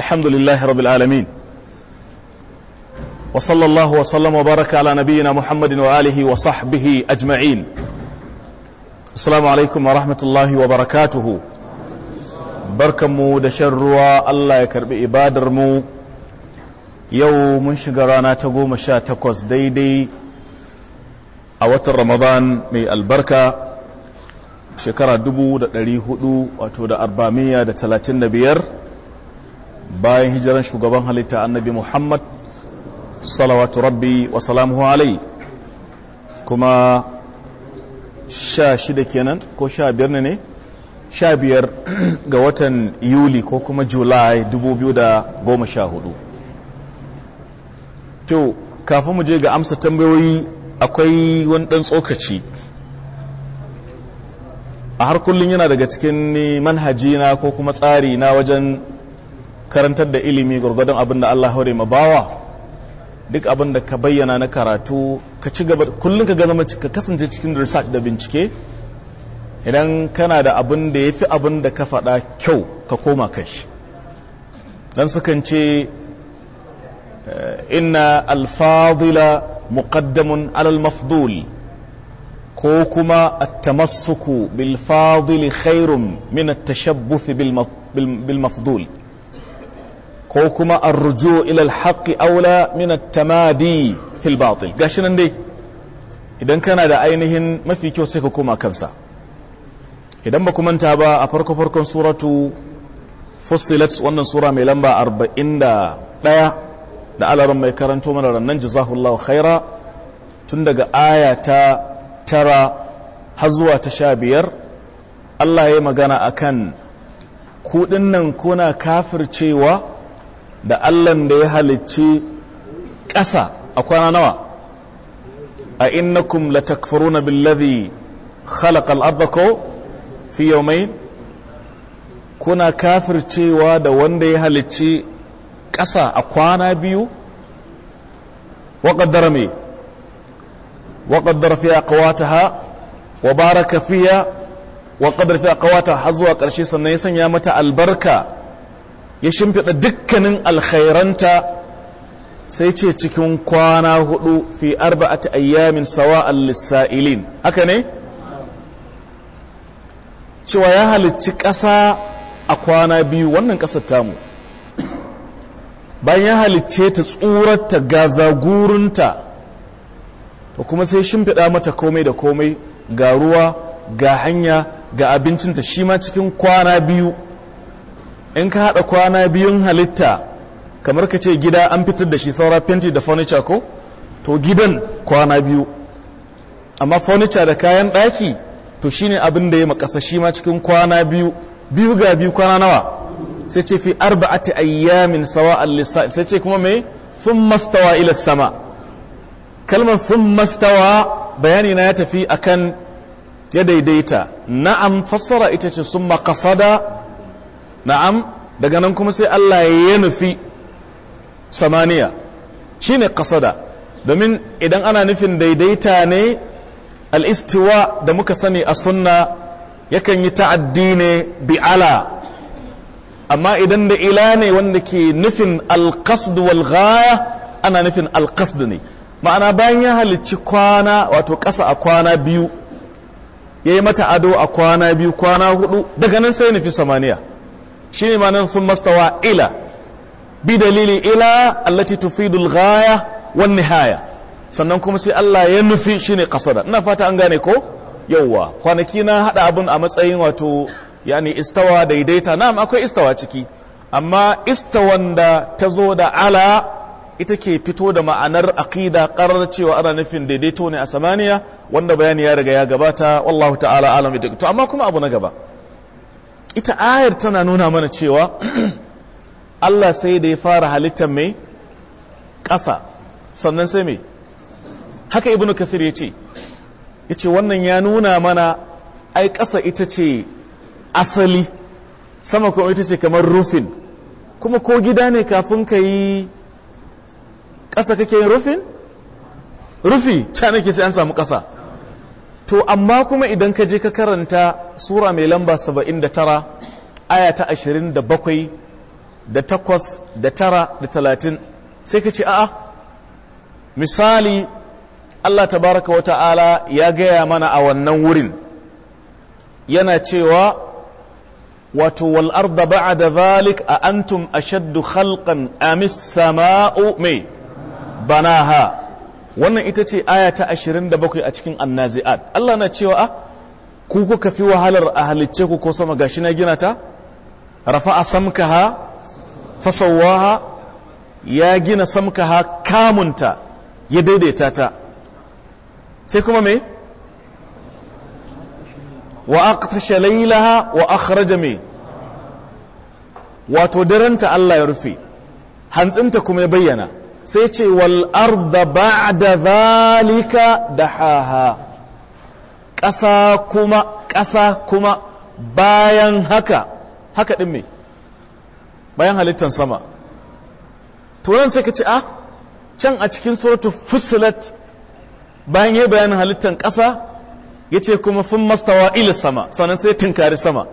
الحمد لله رب العالمين وصلى الله وسلم وبارك على نبينا محمد وآله وصحبه أجمعين السلام عليكم ورحمة الله وبركاته barkanmu da shan ruwa Allah ya karbi ibadarmu. yau mun shiga rana ta goma sha takwas daidai a watan ramadan mai albarka shekara dubu da ɗari hudu wato da da talatin da biyar bayan hijiran shugaban halitta annabi muhammad salawatu rabbi wa salamuhu alai kuma sha shida kenan ko sha biyar ne sha biyar ga watan yuli ko kuma julai 2014 to kafin mu je ga amsa tambayoyi akwai wani dan tsokaci a har kullum yana daga cikin manhaji na ko kuma tsari na wajen karantar da ilimi gwargwadon abin da Allah haure ma bawa duk abin da ka bayyana na karatu ka ci gaba kullum ka zama ka kasance cikin research da bincike idan kana da abin da ya fi abin da ka faɗa kyau ka koma kai don sukan ce eh, inna alfadila muqaddamun alal mafdul ko kuma attamassuku bil fadili khairun min at bil mafdul ko kuma arrujo ilal haqqi aula min tamadi fil batil gashi nan dai idan kana da ainihin mafi kyau sai ka koma kansa idan ba ku manta ba a farko farkon suratu fussilat wannan sura mai lamba 41 da alaran mai karanto mana rannan jazahullahu khaira tun daga aya ta tara har zuwa ta sha biyar Allah ya yi magana a kan kuɗin nan kuna kafircewa da allan da ya halicci ƙasa a kwana nawa a innakum latakfuruna billadhi khalaqa al-ardha ko fi yawmayn kuna kafircewa da wanda ya halicci ƙasa a kwana biyu وقدر مي وقدر فيها قواتها وبارك فيها وقدر فيها قواتها zuwa ƙarshe sannan ya sanya mata albarka ya shimfiɗa dukkanin alkhairanta sai ce cikin kwana hudu fi ta'ayyamin ayyamin sawa lissa'ilin haka ne cewa ya halicci ƙasa a kwana biyu wannan ƙasar tamu bayan ya halicce ta tsurarta gazagurinta to kuma sai shimfiɗa mata komai da komai ga ruwa ga hanya ga abincinta shi ma cikin kwana biyu in ka haɗa kwana biyun halitta kamar ka ce gida an fitar da shi saura fenti da furniture ko to gidan kwana biyu amma furniture da kayan ɗaki to shi ne abin da ya makasa shi ma cikin kwana biyu biyu ga biyu kwana nawa sai ce fi ta ayyamin sawa alisa sai ce kuma mai fun mastawa ila sama kalmar fun mastawa bayani na ya tafi akan ya daidaita na'am fassara ita ce sun makasada na'am daga nan kuma sai Allah ya nufi samaniya shine kasada domin idan ana nufin daidaita ne al-istiwa da muka sani a sunna yakan yi ta'addi ne bi ala amma idan da ila ne wanda ke nufin al-qasd wal ghaya ana nufin al-qasd ne ma'ana bayan ya halicci kwana wato ƙasa a kwana biyu ya yi mata ado a kwana biyu kwana hudu daga nan sai nufi samaniya shi ne manan sun mastawa ila bi dalili ila allati tufidul ghaya wan nihaya sannan kuma sai Allah ya nufi shine kasada ina fata an gane ko yawwa kwanaki na hada abun a matsayin wato yani istawa daidaita na'am akwai istawa ciki amma istawan da ta zo da ala ita ke fito da ma'anar aqida qarar cewa ana nufin daidaito ne a samaniya wanda bayani ya riga ya gabata wallahu ta'ala alam to amma kuma abu na gaba ita ayar tana nuna mana cewa Allah sai da ya fara halittar mai ƙasa sannan sai mai haka ibn kafir ya ce ya ce wannan ya nuna mana ai ƙasa ita ce asali sama kuma ita ce kamar rufin kuma ko gida ne kafin ka yi ƙasa kake yin rufin rufi ca nake sai an samu ƙasa to amma kuma idan ka je ka karanta sura mai lamba 79 aya ta 27 da 8 da 9 da 30 sai ka ce a'a misali Allah tabaraka wa ya gaya mana a wannan wurin yana cewa wato wal arda da zalik a antum ashaddu khalqan amis sama'u mai banaha wannan ita ce aya ta 27 a cikin annazi'at Allah na cewa a ah, ku kuka fi wahalar a halicce ku ko sama gashi na gina ta rafa'a samkaha fasawaha ya gina samkaha kamunta ya daidaita ta sai kuma me wa aqtasha laylaha wa akhraja me wato darenta Allah ya rufe hantsinta kuma ya bayyana sai ce wal arda ba'da zalika haha ƙasa kuma ƙasa kuma bayan haka haka ɗin mai bayan halittar sama turan sai ka ce a ah, can a cikin sortu fusilat bayan yi bayanin halittar ƙasa yace kuma fun mastawa ila sama sannan sai tunkari sama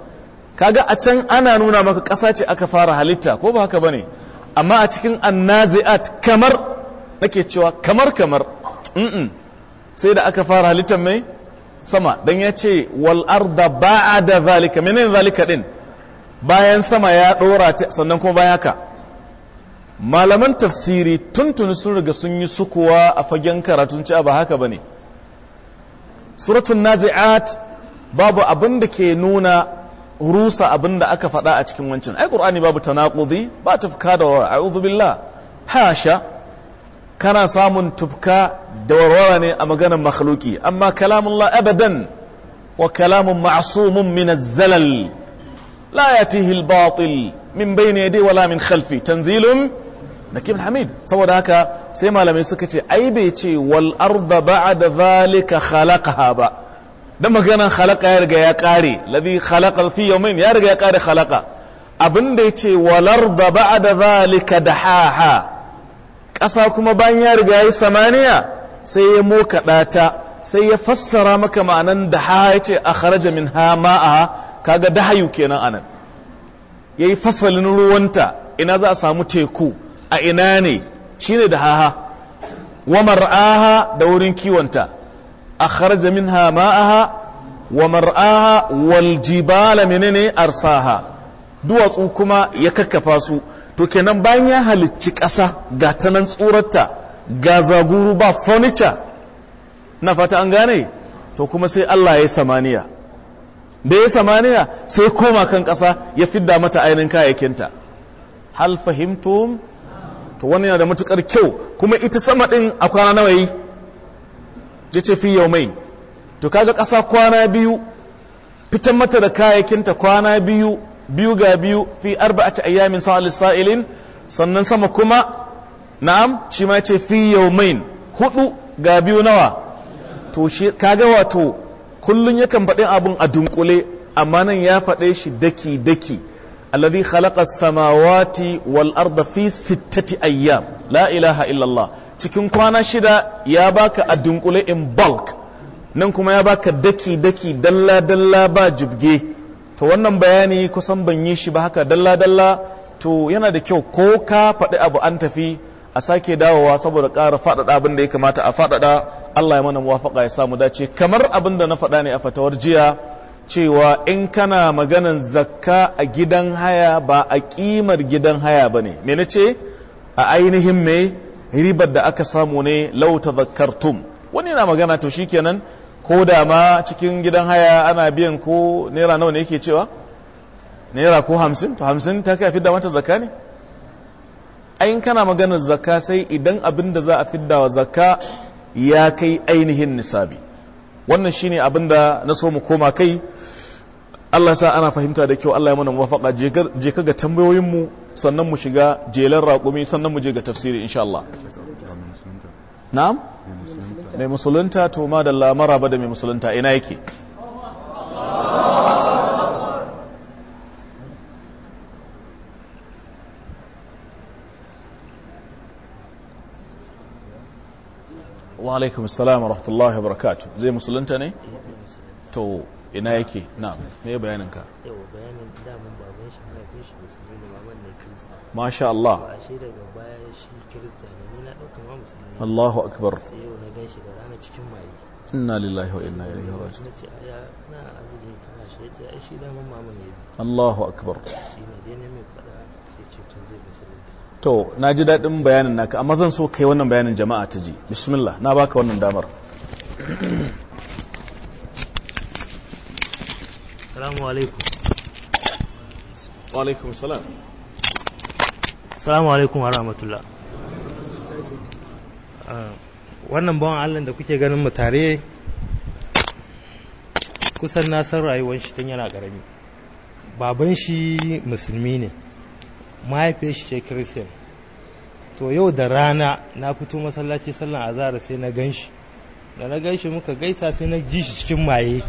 kaga a can ana nuna maka ƙasa ce aka fara halitta ko ba haka bane amma a cikin annazi'at kamar nake cewa kamar kamar sai da aka fara halittar mai sama don ya ce wal arda da zalika menene zalika din bayan sama ya dora ta sannan kuma baya ka malaman tafsiri tuntuni sun riga sun yi sukuwa a fagen karatun ci ah, ba haka bane suratul nazi'at babu abin da ke nuna rusa abin da aka faɗa a cikin wancan ai qur'ani babu tanaqudi ba tufka da warwara a'udhu billah hasha kana samun tufka da warwara ne a maganar makhluki amma kalamullah abadan wa kalamun ma'sumun min az-zalal la yatihi al-batil min bayni yadi wala min khalfi tanzilun nakim hamid saboda haka sai malamai suka ce ai bai ce wal arda ba'da zalika khalaqaha ba dan maganan khalaqa ya riga ya kare ladhi khalaqa fi yawmin ya riga ya kare khalaqa abinda yace walar da ba'da zalika dahaha ƙasa kuma bayan ya riga yi samaniya sai ya mokaɗa ta sai ya fassara maka ma'anan daha ya ce a kharaja min ha ma'a kaga dahayu kenan anan ya yi fasalin ruwanta ina za a samu teku a ina ne shine dahaha wa mar'aha da wurin kiwonta أخرج منها ماءها ومرآها والجبال منين أرساها duwatsu kuma ya kakkafa su to kenan bayan ya halicci ƙasa ga tanan tsorata ga zaguru ba furniture na fata an gane to kuma sai Allah ya yi samaniya da ya samaniya sai koma kan ƙasa ya fidda mata ainihin kayayyakinta hal fahimtum to wani yana da matukar kyau kuma ita sama ɗin a kwana nawa yi ya ce fi yaumain to kaga ƙasa kwana biyu fitan mata da kayayyakinta kwana biyu biyu ga biyu fi arba'ati ayyamin sa'a lisa'ilin sannan sama kuma na'am shi ma ce fi yaumain hudu ga biyu nawa to shi kaga wato kullun yakan faɗi abun a dunkule amma nan ya faɗe shi daki daki alladhi khalaqa samawati wal arda fi sittati ayyam la ilaha illallah. cikin kwana shida ya baka a dunkule in bulk nan kuma ya baka daki-daki dalla-dalla ba jibge to wannan bayani kusan ban yi shi ba haka dalla-dalla to yana da kyau ko ka faɗi abu an tafi a sake dawowa saboda ƙara faɗaɗa abin da ya kamata a faɗaɗa Allah ya mana muwafaƙa ya samu dace kamar abin da na faɗa ne a fatawar jiya cewa in kana maganan zakka a gidan haya ba a ƙimar gidan haya ba ne me na ce a ainihin me ribar da aka samu ne lau tadhakkartum wani na magana to shikenan ko da ma cikin gidan haya ana biyan ko naira nawa ne yake cewa naira ko hamsin to hamsin ta kai a fidda mata zakka ne ayin kana maganar zakka sai idan abin da za a fidda wa zakka ya kai ainihin nisabi wannan shine abin da na so mu koma kai Allah sa ana fahimta da kyau Allah ya mana mafaka je ka ga tambayoyinmu. sannan mu shiga jelan raƙumi sannan mu je ga tafsiri insha Allah na'am mai musulunta to ma da lamara ba da mai musulunta ina yake wa alaikum salam wa rahmatullahi wa barakatuh zai musulunta ne to ina yake na me bayanin ka masha Allah Allahu akbar inna lillahi wa inna ilaihi Allahu akbar to na ji daɗin bayanin naka amma zan so kai wannan bayanin jama'a ta ji bismillah na baka wannan damar salamu alaikum wa alaikum salamu alaikum wa rahmatullah ah, wannan bawan allah da kuke ganin mu tare kusan na san rayuwar shi tun yana karami baban shi musulmi ne mahaifiyar shi ce christian to yau da rana na fito masallaci sallan azara sai na gan shi da na gan shi muka gaisa sai na ji shi cikin maye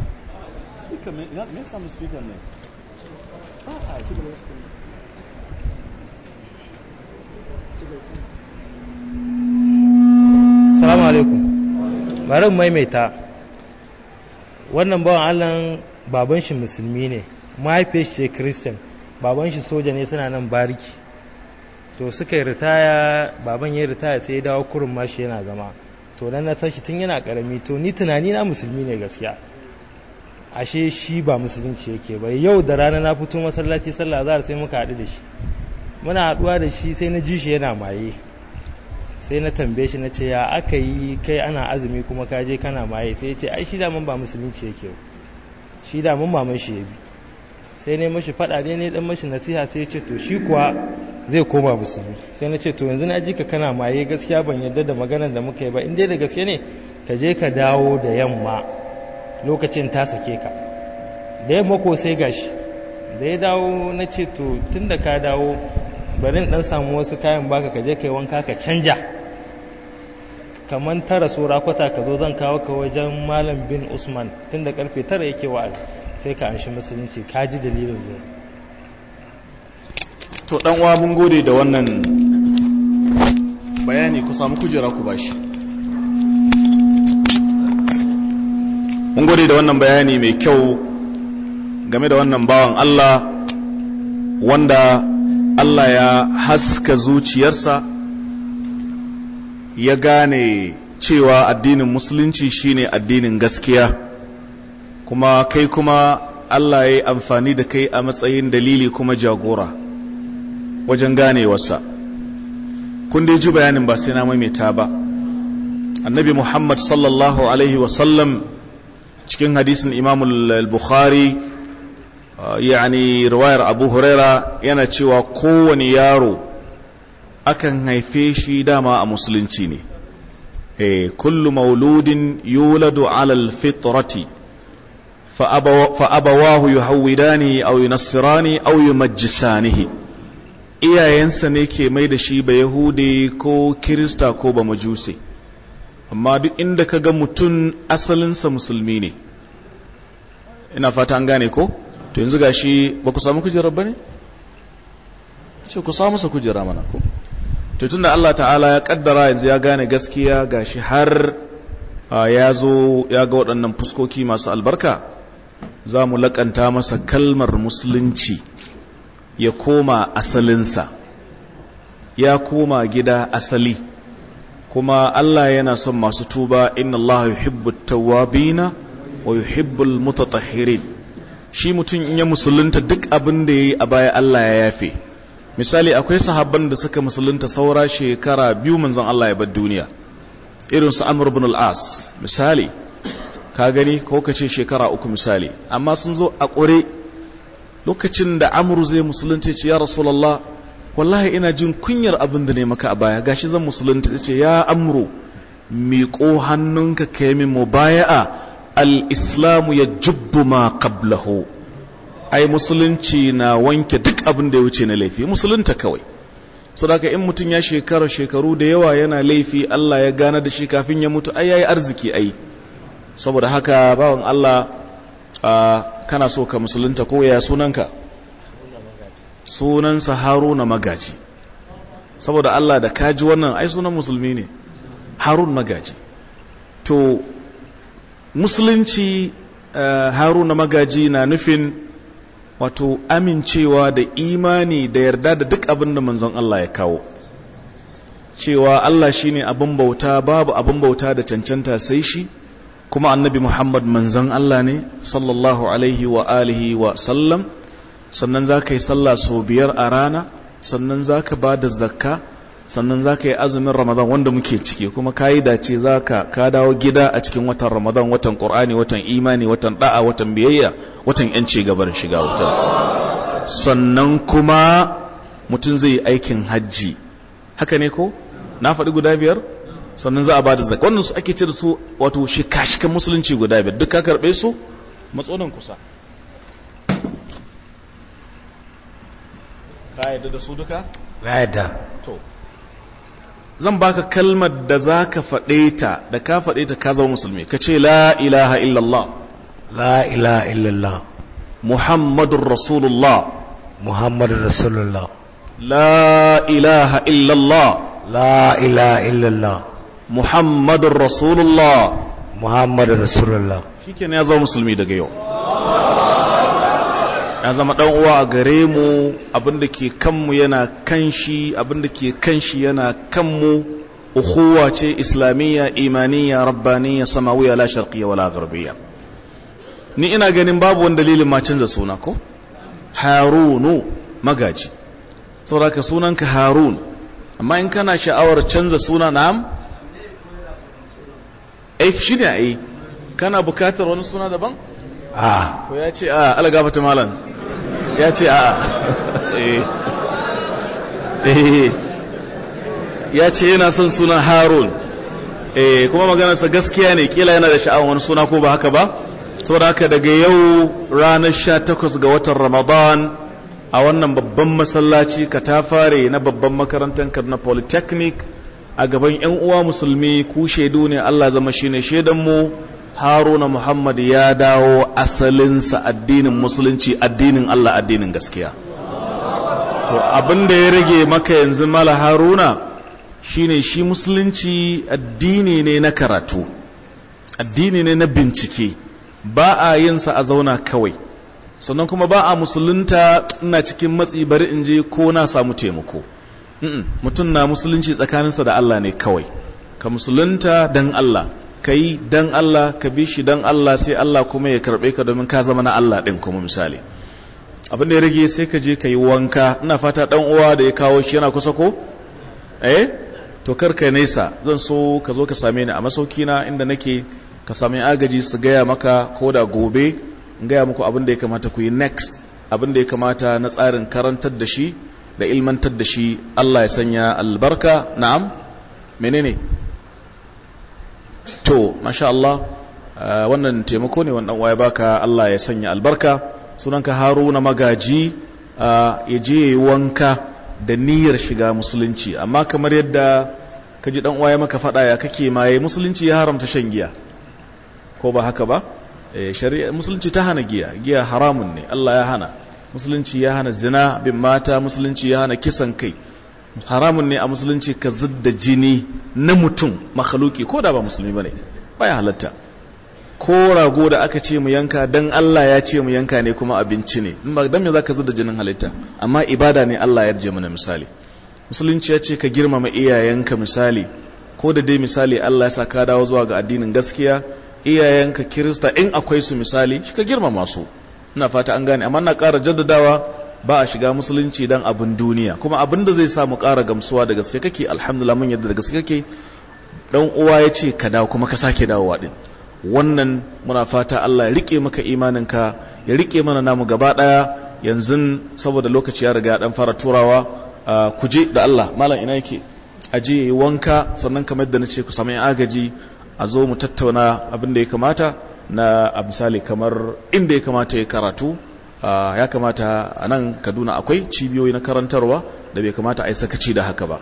salamu alaikum bari maimaita wannan bawan allon baban shi musulmi ne mahaifiyar shi christian baban shi soja ne suna nan bariki to suka yi ritaya baban ya ritaya sai ya dawo kurin mashi yana zama to nan na tashi tun yana karami to ni tunani na musulmi ne gaskiya ashe shi ba musulunci yake ba yau da rana na fito masallaci sallah a sai muka haɗu da shi muna haɗuwa da shi sai na ji shi yana maye sai na tambaye shi na ce ya aka yi kai ana azumi kuma ka je kana maye sai ya ce ai shi da mun ba musulunci yake shi da mun shi ya bi sai ne mashi fada ne ne dan mashi nasiha sai ya ce to shi kuwa zai koma musulmi sai na ce to yanzu na ji ka kana maye gaskiya ban yarda da maganar da muka yi ba in dai da gaske ne ka je ka dawo da yamma lokacin ta sake ka da yamma ko sai gashi da ya dawo na ce to tun da ka dawo bari ɗan samu wasu kayan baka ka je kai wanka ka canja kaman tara sura kwata ka zo zan kawo ka wajen malam bin usman tunda karfe tara yake wa'azi sai ka anshi musulunci ka ji dalilin zuwa to dan uwa mun gode da wannan bayani ku samu kujera ku bashi mun gode da wannan bayani mai kyau game da wannan bawan Allah wanda Allah ya haska zuciyarsa ya gane cewa addinin musulunci shine addinin gaskiya kuma kai kuma Allah ya yi amfani da kai a matsayin dalili kuma jagora wajen ganewarsa kun dai ji bayanin ba sai na maimaita ba annabi muhammad sallallahu alaihi wasallam cikin hadisin imamul bukhari yani riwayar abu huraira yana cewa kowane yaro akan haife shi dama a musulunci ne kullu mauludin yuladu alal fitrati fa'abawahu yuhawwidani aw yunassirani aw yumajjisanihi iyayensa ne ke mai da shi ba Yahudi ko kirista ko ba majuse amma duk inda ka ga mutum asalinsa musulmi ne ina fata an gane ko to yanzu gashi ba ku samu kujerar ba ne? ce ku samu sa kujera mana ku to tun da Allah ta'ala ya kaddara yanzu ya gane gaskiya gashi har ya zo ya ga waɗannan fuskoki masu albarka za mu laƙanta masa kalmar musulunci ya koma asalinsa ya koma gida asali kuma Allah yana son masu tuba inna Allah yuhibbu tawabina wa yuhibbul mutatahhirin shi mutum in ya musulunta duk abin da ya yi a baya Allah ya yafe misali akwai sahabban da suka musulunta saura shekara biyu manzon Allah ya bar duniya irin su Amr ibn al-As misali ka gani ko ka ce shekara uku misali amma sun zo a ƙure lokacin da Amr zai musulunta ce ya Rasulullah wallahi ina jin kunyar abin da ne maka a baya gashi zan musulunta ce ya Amru miƙo hannunka ka yi min mubaya'a al'islamu ya jubbu ma qablahu ai musulunci na wanke duk abin da ya wuce na laifi musulunta kawai sadaka in mutum ya shekara shekaru da yawa yana laifi Allah ya gane da shi kafin ya mutu ai yayi arziki ai saboda haka bawan Allah kana so ka musulunta ko ya sunanka sunansa Haruna magaji saboda Allah da kaji wannan ai sunan musulmi ne Harun magaji to musulunci eh, haruna magaji na nufin wato amincewa da imani da yarda da duk abin da manzon Allah ya kawo cewa Allah shine abin bauta babu abin bauta da cancanta sai shi kuma annabi Muhammad manzon Allah ne sallallahu alaihi wa alihi wa sallam sannan za ka yi sallah sau biyar a rana sannan za ka ba da zakka sannan za ka yi azumin ramadan wanda muke ciki kuma ka yi dace za ka ka dawo gida a cikin watan ramadan watan ƙorani watan imani watan da'a watan biyayya watan yanci gabar shiga wuta sannan kuma mutum zai yi aikin hajji haka ne ko na faɗi guda biyar sannan za a ba da zaka wannan su ake ce da su wato shika-shikan musulunci guda biyar duk ka karɓe su matsonan kusa ka yadda da su duka? ya yadda to zan baka kalmar da za ka faɗe ta da ka faɗe ta ka zama musulmi ka ce la ilaha illallah la ilaha illallah muhammadun rasulullah muhammadun rasulullah la ilaha illallah la ilaha illallah muhammadun rasulullah muhammadun rasulullah shi ya zama musulmi daga yau ya zama dan uwa a gare mu abinda ke kanmu yana kan shi abinda ke kan shi yana kanmu ukhuwa ce islamiyya imaniyya rabbaniyya samawiyya la sharqiyya wala gharbiyya ni ina ganin babu wani dalilin ma canza suna ko harunu magaji saboda ka sunanka harun amma in kana sha'awar canza suna na'am eh shine ai kana bukatar wani suna daban a to ya ce a alaga mata malam ya ce a eh. eh. ya ce yana son sunan harun eh, kuma maganarsa gaskiya ne kila yana da sha'awar wani suna ko ba haka ba da haka daga yau ranar sha 18 ga watan ramadan a wannan babban masallaci ka katafare na babban makarantar karna polytechnic a gaban 'yan uwa musulmi ku shaidu ne allah zama shi ne shaidanmu haruna muhammad ya dawo asalinsa addinin musulunci addinin allah addinin gaskiya to abin da ya rage maka yanzu mala haruna shine shi musulunci addini ne na karatu addini ne na bincike ba a yinsa a zauna kawai sannan kuma ba a musulunta ina cikin matsi bari in je ko na samu taimako mutum na musulunci tsakaninsa da allah ne kawai ka musulunta don allah ka yi dan Allah ka bi shi dan Allah sai Allah kuma ya karɓe ka domin ka zama na Allah ɗin kuma misali abin da ya rage sai ka je ka yi wanka ina fata ɗan uwa da ya kawo shi yana kusa ko eh to kar ka nesa zan so ka zo ka same ni a masauki masaukina inda nake ka same agaji su gaya maka ko da gobe in gaya muku abin da ya kamata ku yi next abin da ya kamata na tsarin karantar da shi da ilmantar da shi Allah ya sanya albarka na'am menene to masha Allah uh, wannan taimako ne wannan waya baka Allah ya sanya albarka sunanka haruna magaji uh, ya je wanka da niyyar shiga musulunci amma kamar yadda ka ji dan ya maka faɗa ya kake maye musulunci ya haramta shan giya ko ba haka ba eh, musulunci ta hana giya giya haramun ne Allah ya hana musulunci ya hana zina bin mata musulunci ya hana kisan kai haramun ne a musulunci ka zidda jini na mutum makhaluki ko da ba musulmi ba ne baya halatta ko rago da aka ce mu yanka dan Allah ya ce mu yanka ne kuma abinci ne in ba dan me zaka zidda jinin halitta amma ibada ne Allah ya mu na misali musulunci ya ce ka girmama iyayenka misali ko da dai misali Allah ya sa ka dawo zuwa ga addinin gaskiya iyayenka kirista in akwai su misali shi ka girmama su ina fata an gane amma na ƙara jaddadawa ba a shiga musulunci dan abin duniya kuma abin da zai sa mu ƙara gamsuwa da gaske kake alhamdulillah mun yadda da gaske kake dan uwa ya ce ka dawo kuma ka sake dawowa din wannan muna fata Allah ya rike maka imaninka ya rike mana namu gaba daya yanzu saboda lokaci ya riga dan fara turawa ku je da Allah malam ina yake aje yi wanka sannan kamar da nace ku samu agaji a zo mu tattauna abin da ya kamata na a misali kamar inda ya kamata ya karatu Ah, ya kamata a nan kaduna akwai cibiyoyi na karantarwa da bai kamata a yi sakaci da haka ba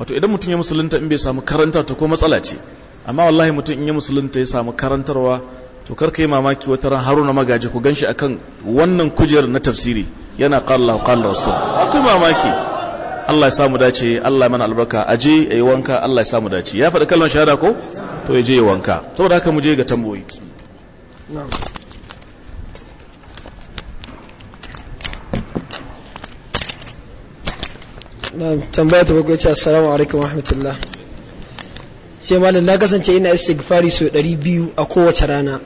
wato idan mutum ya musulunta in bai samu karantar ta ko matsala ce amma wallahi mutum in ya musulunta ya samu karantarwa to karka yi mamaki wata ran haruna magaji ku ganshi akan wannan kujerar na tafsiri yana qala qala rasul akwai mamaki Allah ya samu dace Allah mana albarka aje yi wanka Allah ya samu dace ya faɗi kallon shahada ko to ya je ya wanka saboda haka mu je ga tamboyi na tambaya ta bakwai ce assalamu alaikum sai malam na kasance ina istighfari sau ɗari biyu a kowace rana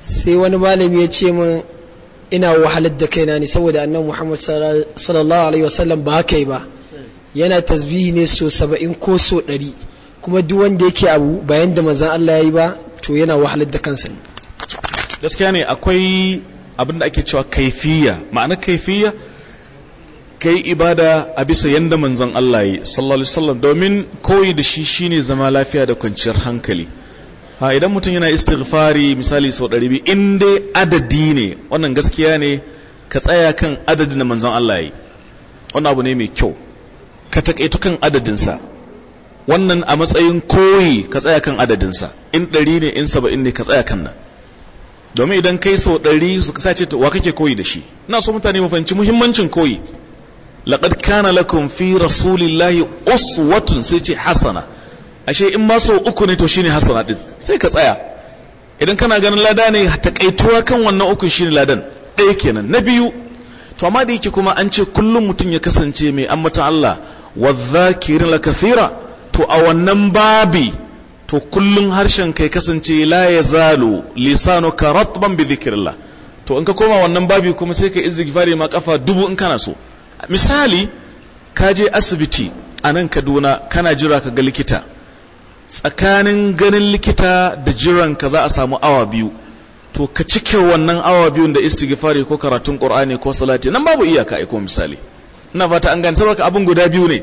sai wani malami ya ce min ina wahalar da kaina ne saboda annan muhammad sallallahu alaihi wasallam ba haka yi ba yana tasbihi ne so saba'in ko so ɗari kuma duk wanda yake abu bayan da manzan Allah ya yi ba to yana wahalar da kansa ne gaskiya ne akwai abin da ake cewa kaifiya ma'anar kaifiya ka yi ibada a bisa yadda manzon Allah yi sallallahu alaihi wasallam domin koyi da shi shine zama lafiya da kwanciyar hankali ha idan mutum yana istighfari misali sau ɗari biyu in dai adadi ne wannan gaskiya ne ka tsaya kan adadin da manzon Allah yi wannan abu ne mai kyau ka taƙaito kan adadinsa wannan a matsayin koyi ka tsaya kan adadinsa in ɗari ne in saba'in ne ka tsaya kan nan domin idan kai sau ɗari su sace wa kake koyi da shi ina so mutane mu fahimci muhimmancin koyi laqad kana lakum fi rasulillahi uswatun sai ce hasana ashe in ma so uku ne to shine hasana din sai ka tsaya idan kana ganin lada ne takaituwa kan wannan ukun shine ladan ɗaya kenan na biyu to amma da yake kuma an ce kullum mutum ya kasance mai ambata Allah wadhakirin la kathira to a wannan babi to kullum harshen kai kasance la yazalu lisanuka ratban bi dhikrillah to in ka koma wannan babi kuma sai ka izzigfari ma kafa dubu in kana so misali ka je asibiti a nan kaduna kana jira ka ga likita tsakanin ganin likita da jiran ka za a samu awa biyu to ka cike wannan awa biyun da istighfari ko karatun qur'ani ko salati nan babu iyaka aiko misali ina fata an gani saboda abin guda biyu ne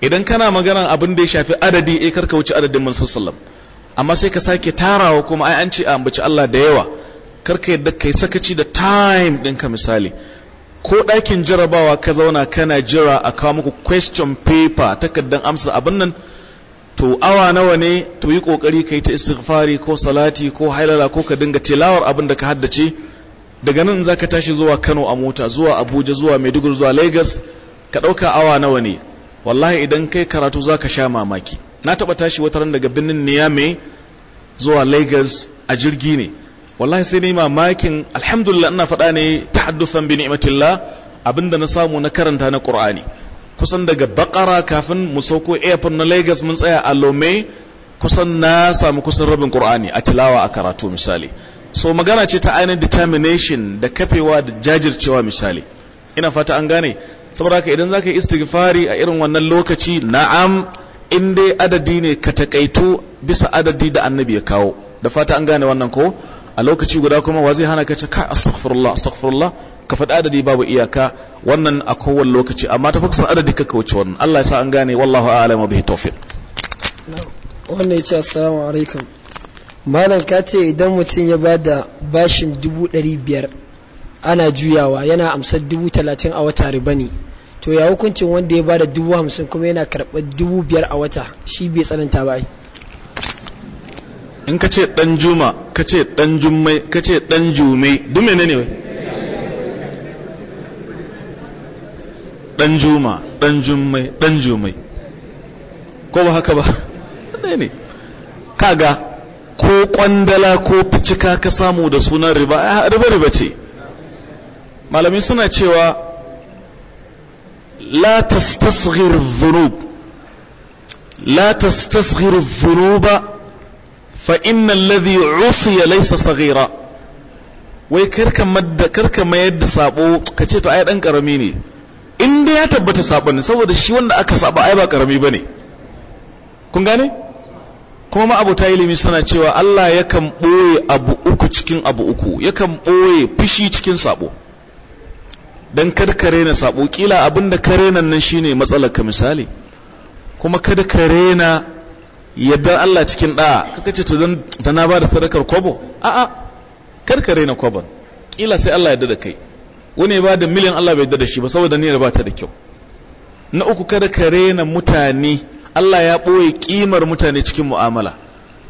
idan kana maganar abin da ya shafi adadi eh karka wuce adadin man sallam amma sai ka sake tarawa kuma ai an ce a ambaci Allah da yawa karka yadda kai sakaci da time ɗinka misali ko ɗakin jarabawa ka zauna kana jira a kawo muku question paper takardar amsa abin nan to awa nawa ne to yi kokari ka yi ta istighfari ko salati ko hailala ko ka dinga tilawar abin da ka haddace daga nan za ka tashi zuwa kano a mota zuwa abuja zuwa maiduguri zuwa lagos ka ɗauka awa nawa ne wallahi idan kai karatu za ka sha mamaki na taɓa tashi wata ran daga birnin niyame zuwa lagos a jirgi ne wallahi sai ni mamakin alhamdulillah ina faɗa ne tahaddusan bi ni'matillah abinda na samu na karanta na qur'ani kusan daga bakara kafin mu sauko airport na lagos mun tsaya a lome kusan na samu kusan rabin qur'ani a tilawa a karatu misali so magana ce ta ainihin determination da kafewa da jajircewa misali ina fata an gane saboda haka idan zaka yi istighfari a irin wannan lokaci na'am in dai adadi ne ka takaitu bisa adadi da annabi ya kawo da fata an gane wannan ko a lokaci guda kuma wa zai hana ka ce kai astaghfirullah astaghfirullah ka faɗi adadi babu iyaka wannan a kowane lokaci amma ta san adadi ka kauce wannan Allah ya sa an gane wallahu a'lam wa bihi tawfiq wannan yace assalamu alaikum malam ka ce idan mutum ya bada bashin dubu ɗari biyar ana juyawa yana amsar dubu talatin a wata riba ne to ya hukuncin wanda ya bada dubu hamsin kuma yana karɓar dubu biyar a wata shi bai tsananta ba ai in ka ce ɗan juma ka ce ɗan jummai ka ce ɗan jumai dume ne ne ɗan juma ɗan jummai ɗan jumai ko ba haka ba ne ne kaga ko kwandala ko ficika ka samu da sunan riba riba riba ce malami suna cewa la tastasghir dhunub la tastasghir dhunuba fa innal ladhi usiya laysa saghira wai karka madda mayar da sabo kace to ai dan karami ne inda ya tabbata sabon saboda shi wanda aka saba ai ba karami bane kun gane kuma ma abota ilimi suna cewa Allah yakan boye abu uku cikin abu uku yakan ɓoye fushi cikin sabo don kada ka rena sabo kila abinda ka renan nan shine matsalar ka misali kuma kada ka rena yadda Allah cikin ɗaya kaka ce to da na ba da sadakar kwabo a'a karkare na kwabon ƙila sai Allah yadda da kai wani ba da miliyan Allah bai yadda shi ba saboda niyyar ba ta da kyau na uku kada ka rena mutane Allah ya ɓoye ƙimar mutane cikin mu'amala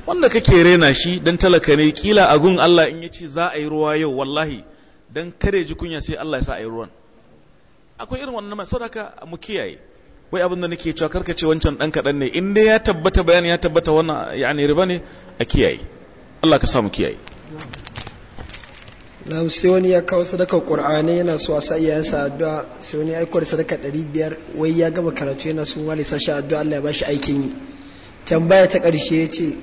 wanda kake rena shi dan talaka ne ƙila a gun Allah in ya ce za a yi ruwa yau wallahi dan kare ji kunya sai Allah ya sa a yi ruwan akwai irin wannan sadaka mu kiyaye wai abin da nake cewa karka ce wancan dan kaɗan ne in dai ya tabbata bayani ya tabbata wannan yani riba ne a kiyaye Allah ka samu kiyaye na sai wani ya kawo sadaka qur'ani yana so a sa iyayensa addu'a sai wani ya aiko sadaka 500 wai ya gama karatu yana so malai sa shi addu'a Allah ya bashi aikin yi tambaya ta ƙarshe ya ce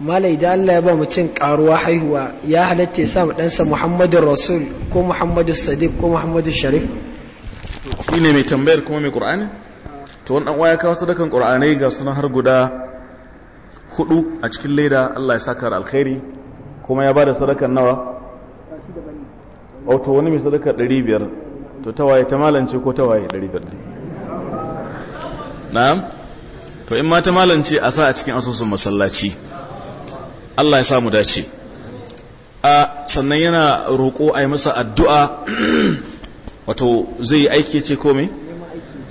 malai da Allah ya ba mutum karuwa haihuwa ya halatta ya sa mu ɗansa Muhammadu Rasul ko Muhammadu Sadiq ko Muhammadu Sharif shi ne mai tambayar kuma mai Qur'ani to wani ɗan'uwa ya kawo sadakan ƙur'anai ga suna har guda hudu a cikin leda Allah ya saka da alkhairi kuma ya ba da sadakan nawa auto wani mai sadaka biyar, to ta waye ta malance ko ta ɗari biyar na'am to in ma ta malance a sa a cikin asusun masallaci Allah ya samu dace a sannan yana roƙo a yi masa addu'a wato zai yi aiki ce komai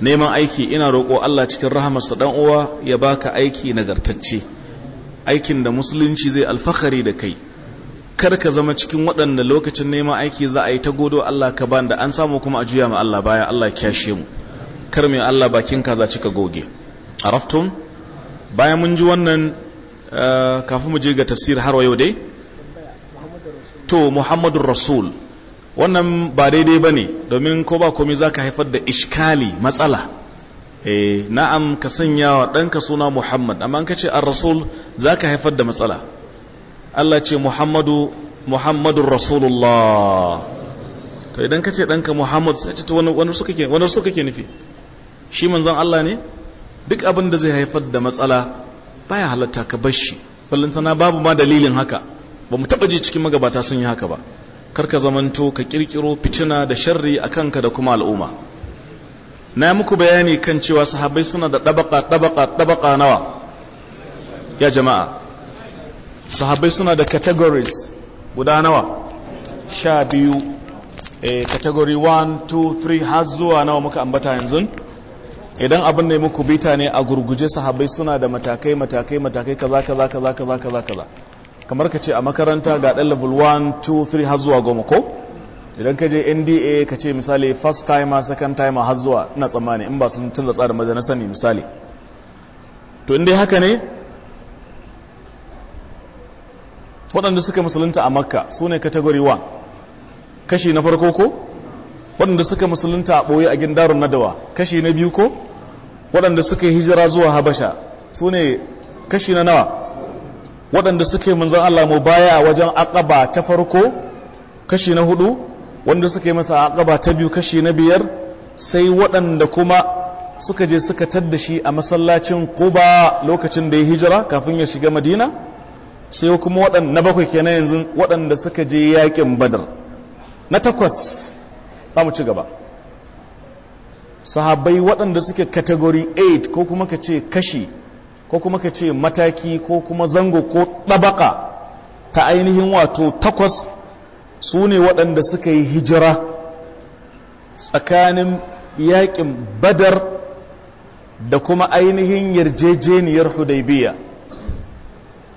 neman aiki ina roƙo Allah cikin rahamarsa dan uwa ya baka aiki nagartacce aikin da musulunci zai alfahari da kai kar ka zama cikin waɗanda lokacin neman aiki za a yi ta godo Allah ka ban da an samu kuma a juya ma Allah baya Allah kyashe mu kar mai Allah bakin ka za cika goge araftum bayan mun ji wannan eh, kafin mu je ga tafsir har yau dai to muhammadur rasul wannan ba daidai ba ne domin ko ba komai za ka haifar da ishkali matsala e na'am ka sanya wa ɗanka suna muhammad amma ka ce an rasul za ka haifar da matsala allah ce muhammadu muhammadun rasulullah to idan ka ce ɗanka muhammad sai ce wani suka ke ke nufi shi manzon allah ne duk abin da zai haifar da matsala baya halatta ka bar shi ballantana babu ma dalilin haka ba mu taɓa ji cikin magabata sun yi haka ba karka zamanto ka kirkiro fitina da sharri a kanka da kuma al'umma na muku bayani kan cewa sahabbai suna da ɗabaka ɗabaka ɗabaka nawa ya jama'a sahabbai suna da categories guda nawa sha biyu eh, category 1 2 3 har zuwa nawa muka ambata yanzu idan abin da muku bita ne a gurguje sahabbai suna da matakai matakai matakai kaza kaza kaza kaza kaza kaza kamar ka ce a makaranta ga ɗan level 1 2 3 har zuwa goma ko idan ka je nda ka ce misali first timer second timer har zuwa ina tsammani in ba sun canza tsarin ba na sani misali to inda haka ne waɗanda suka musulunta a makka su ne category 1 kashi na farko ko waɗanda suka musulunta a ɓoye a gindarun nadawa kashi na biyu ko waɗanda suka yi hijira zuwa habasha su ne kashi na nawa waɗanda suke manzan Allah mu baya wajen aqaba ta farko kashi na hudu wanda suke masa akaba ta biyu kashi na biyar sai waɗanda kuma suka je suka tadda shi a masallacin Quba lokacin da ya hijira kafin ya shiga Madina sai kuma waɗanda na bakwai kenan yanzu waɗanda suka je yakin Badr na takwas ba mu ci gaba sahabbai waɗanda suke category 8 ko kuma ka ce kashi ko kuma ka ce mataki ko kuma zango ko ɗabaka ta ainihin wato takwas su ne waɗanda suka yi hijira tsakanin yaƙin badar da kuma ainihin yarjejeniyar hudaybiya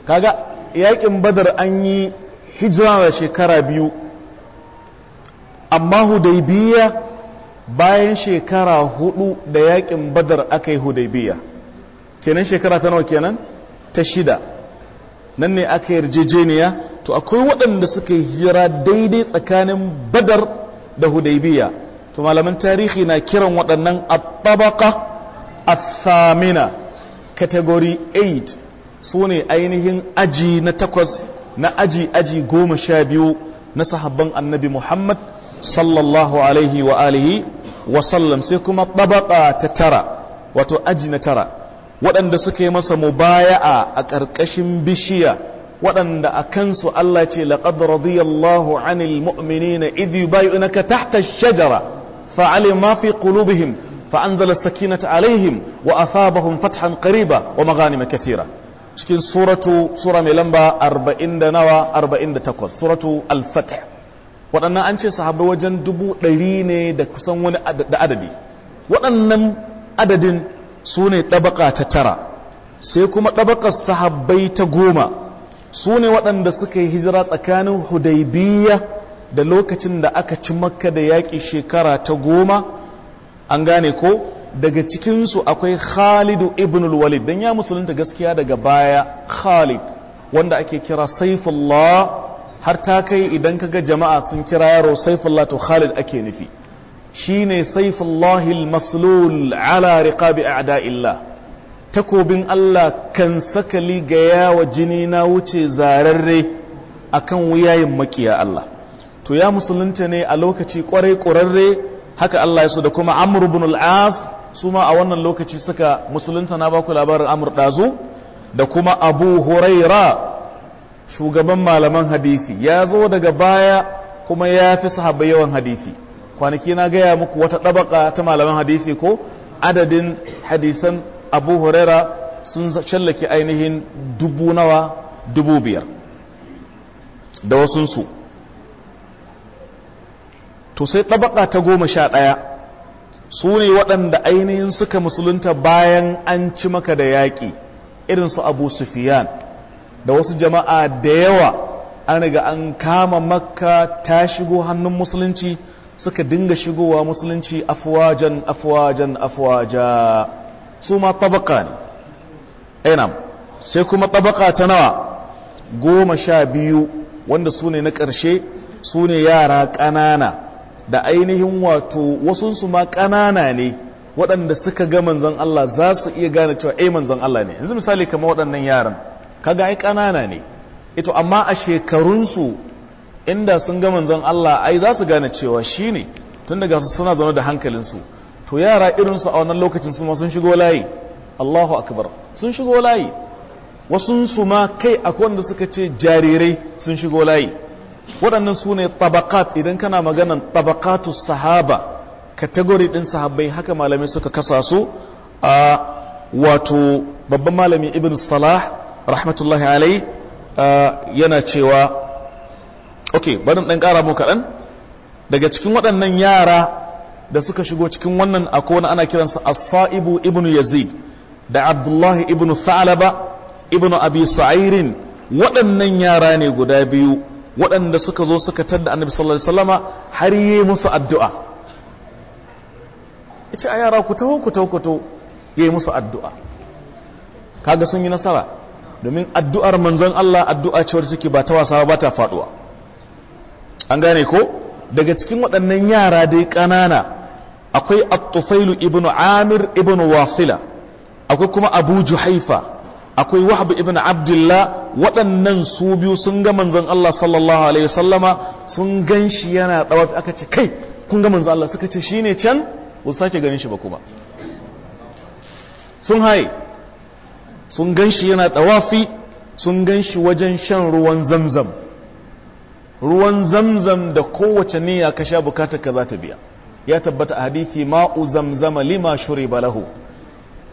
kaga yaƙin badar an yi hijira da shekara biyu amma hudaybiya bayan shekara hudu da yaƙin badar aka yi hudaybiya kenan shekara ta nawa kenan ta shida nan ne aka yarjejeniya to akwai waɗanda suka yi hira daidai tsakanin badar da hudaybiya to malaman tarihi na kiran waɗannan at-tabaqa thamina category 8 su ne ainihin aji na takwas na aji aji goma sha biyu na sahabban annabi muhammad sallallahu alaihi wa alihi wasallam sai kuma tabaka ta tara wato aji na tara waɗanda suka yi masa mubaya'a a ƙarƙashin bishiya waɗanda a kansu Allah ce laqad radiyallahu anil mu'minina idh yubay'unaka tahta ash-shajara fa'alima ma fi qulubihim فأنزل wa عليهم وأثابهم فتحا قريبا ومغانم كثيرة cikin suratu sura mai lamba 40 da nawa 48 suratu al-fath waɗannan an ce sahabbai wajen dubu ɗari ne da kusan wani da adadi waɗannan adadin su ne ɗabaƙa ta tara sai kuma ɗabaƙar sahabbai ta goma su ne waɗanda suka yi hijira tsakanin hudaibiyya da lokacin da aka ci makka da yaƙi shekara ta goma an gane ko daga cikinsu akwai khalidu ibn walid don ya musulunta gaskiya daga baya khalid wanda ake kira saifullah har ta kai idan kaga jama'a sun kira yaro saifullah to khalid ake nufi shine saifullahil maslul ala riqabi a'da'illah takobin Allah kan sakali ga yawa jini na wuce zararre akan wuyayin makiya Allah to ya musulunta ne a lokaci kwarai ƙurarre haka Allah ya so da kuma Amr ibn al-As su ma a wannan lokaci suka musulunta na baku labarin Amr dazu da kuma Abu Huraira shugaban malaman hadisi ya zo daga baya kuma ya fi sahabbai yawan hadisi kwanaki na gaya muku wata ɗabaka ta malaman hadisi ko adadin hadisan abu huraira sun shallake ainihin dubu nawa dubu biyar da wasunsu to sai ɗabaka ta goma sha ɗaya su ne waɗanda ainihin suka musulunta bayan an ci maka da yaƙi irinsu abu sufiyan da wasu jama'a da yawa an riga an kama makka ta shigo hannun musulunci suka dinga shigowa musulunci afwajan afwajan afwaja su ma tabaka ne eh, ainihin sai kuma tabaka ta nawa goma sha biyu wanda su ne na ƙarshe su ne yara ƙanana da ainihin wato wasunsu ma ƙanana ne waɗanda suka ga manzan Allah za su iya gane cewa ai eh, manzan Allah ne yanzu misali kamar waɗannan yaran kaga ai ƙanana ne ito amma a shekarunsu inda sun ga manzon Allah ai za su gane cewa shi ne tun daga su suna zaune da hankalinsu to yara irinsu a wannan lokacin su ma sun shigo layi Allahu akbar sun shigo layi wasunsu ma kai akwai wanda suka ce jarirai sun shigo layi waɗannan su ne tabakat idan kana maganan tabakatu sahaba kategori ɗin sahabbai haka malamai suka kasa su a wato babban malami ibn salah rahmatullahi alai yana cewa ok barin ɗan ƙara mu kaɗan daga cikin waɗannan yara da suka shigo cikin wannan akwai wani ana kiransa as-sa'ibu ibnu yazid da abdullahi ibnu thalaba ibnu abi sa'irin waɗannan yara ne guda biyu waɗanda suka zo suka tadda annabi sallallahu alaihi wasallama har yi musu addu'a yace a yara ku taho ku taho ku taho yayi musu addu'a kaga sun yi nasara domin addu'ar manzon Allah addu'a ce wacce take ba ta wasa ba ta faduwa an gane ko daga cikin waɗannan yara dai ƙanana akwai at-tufailu amir Ibn wasila akwai kuma abu juhaifa akwai wahab ibn abdullah waɗannan su biyu sun ga manzon Allah sallallahu alaihi wasallama sun gan shi yana ɗawafi aka ce kai kun ga manzon Allah suka ce ne can ba sake ganin shi ba kuma sun haye sun gan shi yana ɗawafi sun gan shi wajen shan ruwan zamzam ruwan zamzam da kowace niyya ka sha bukatar ka za ta biya ya tabbata a hadithi ma'u zamzama lima shuri balahu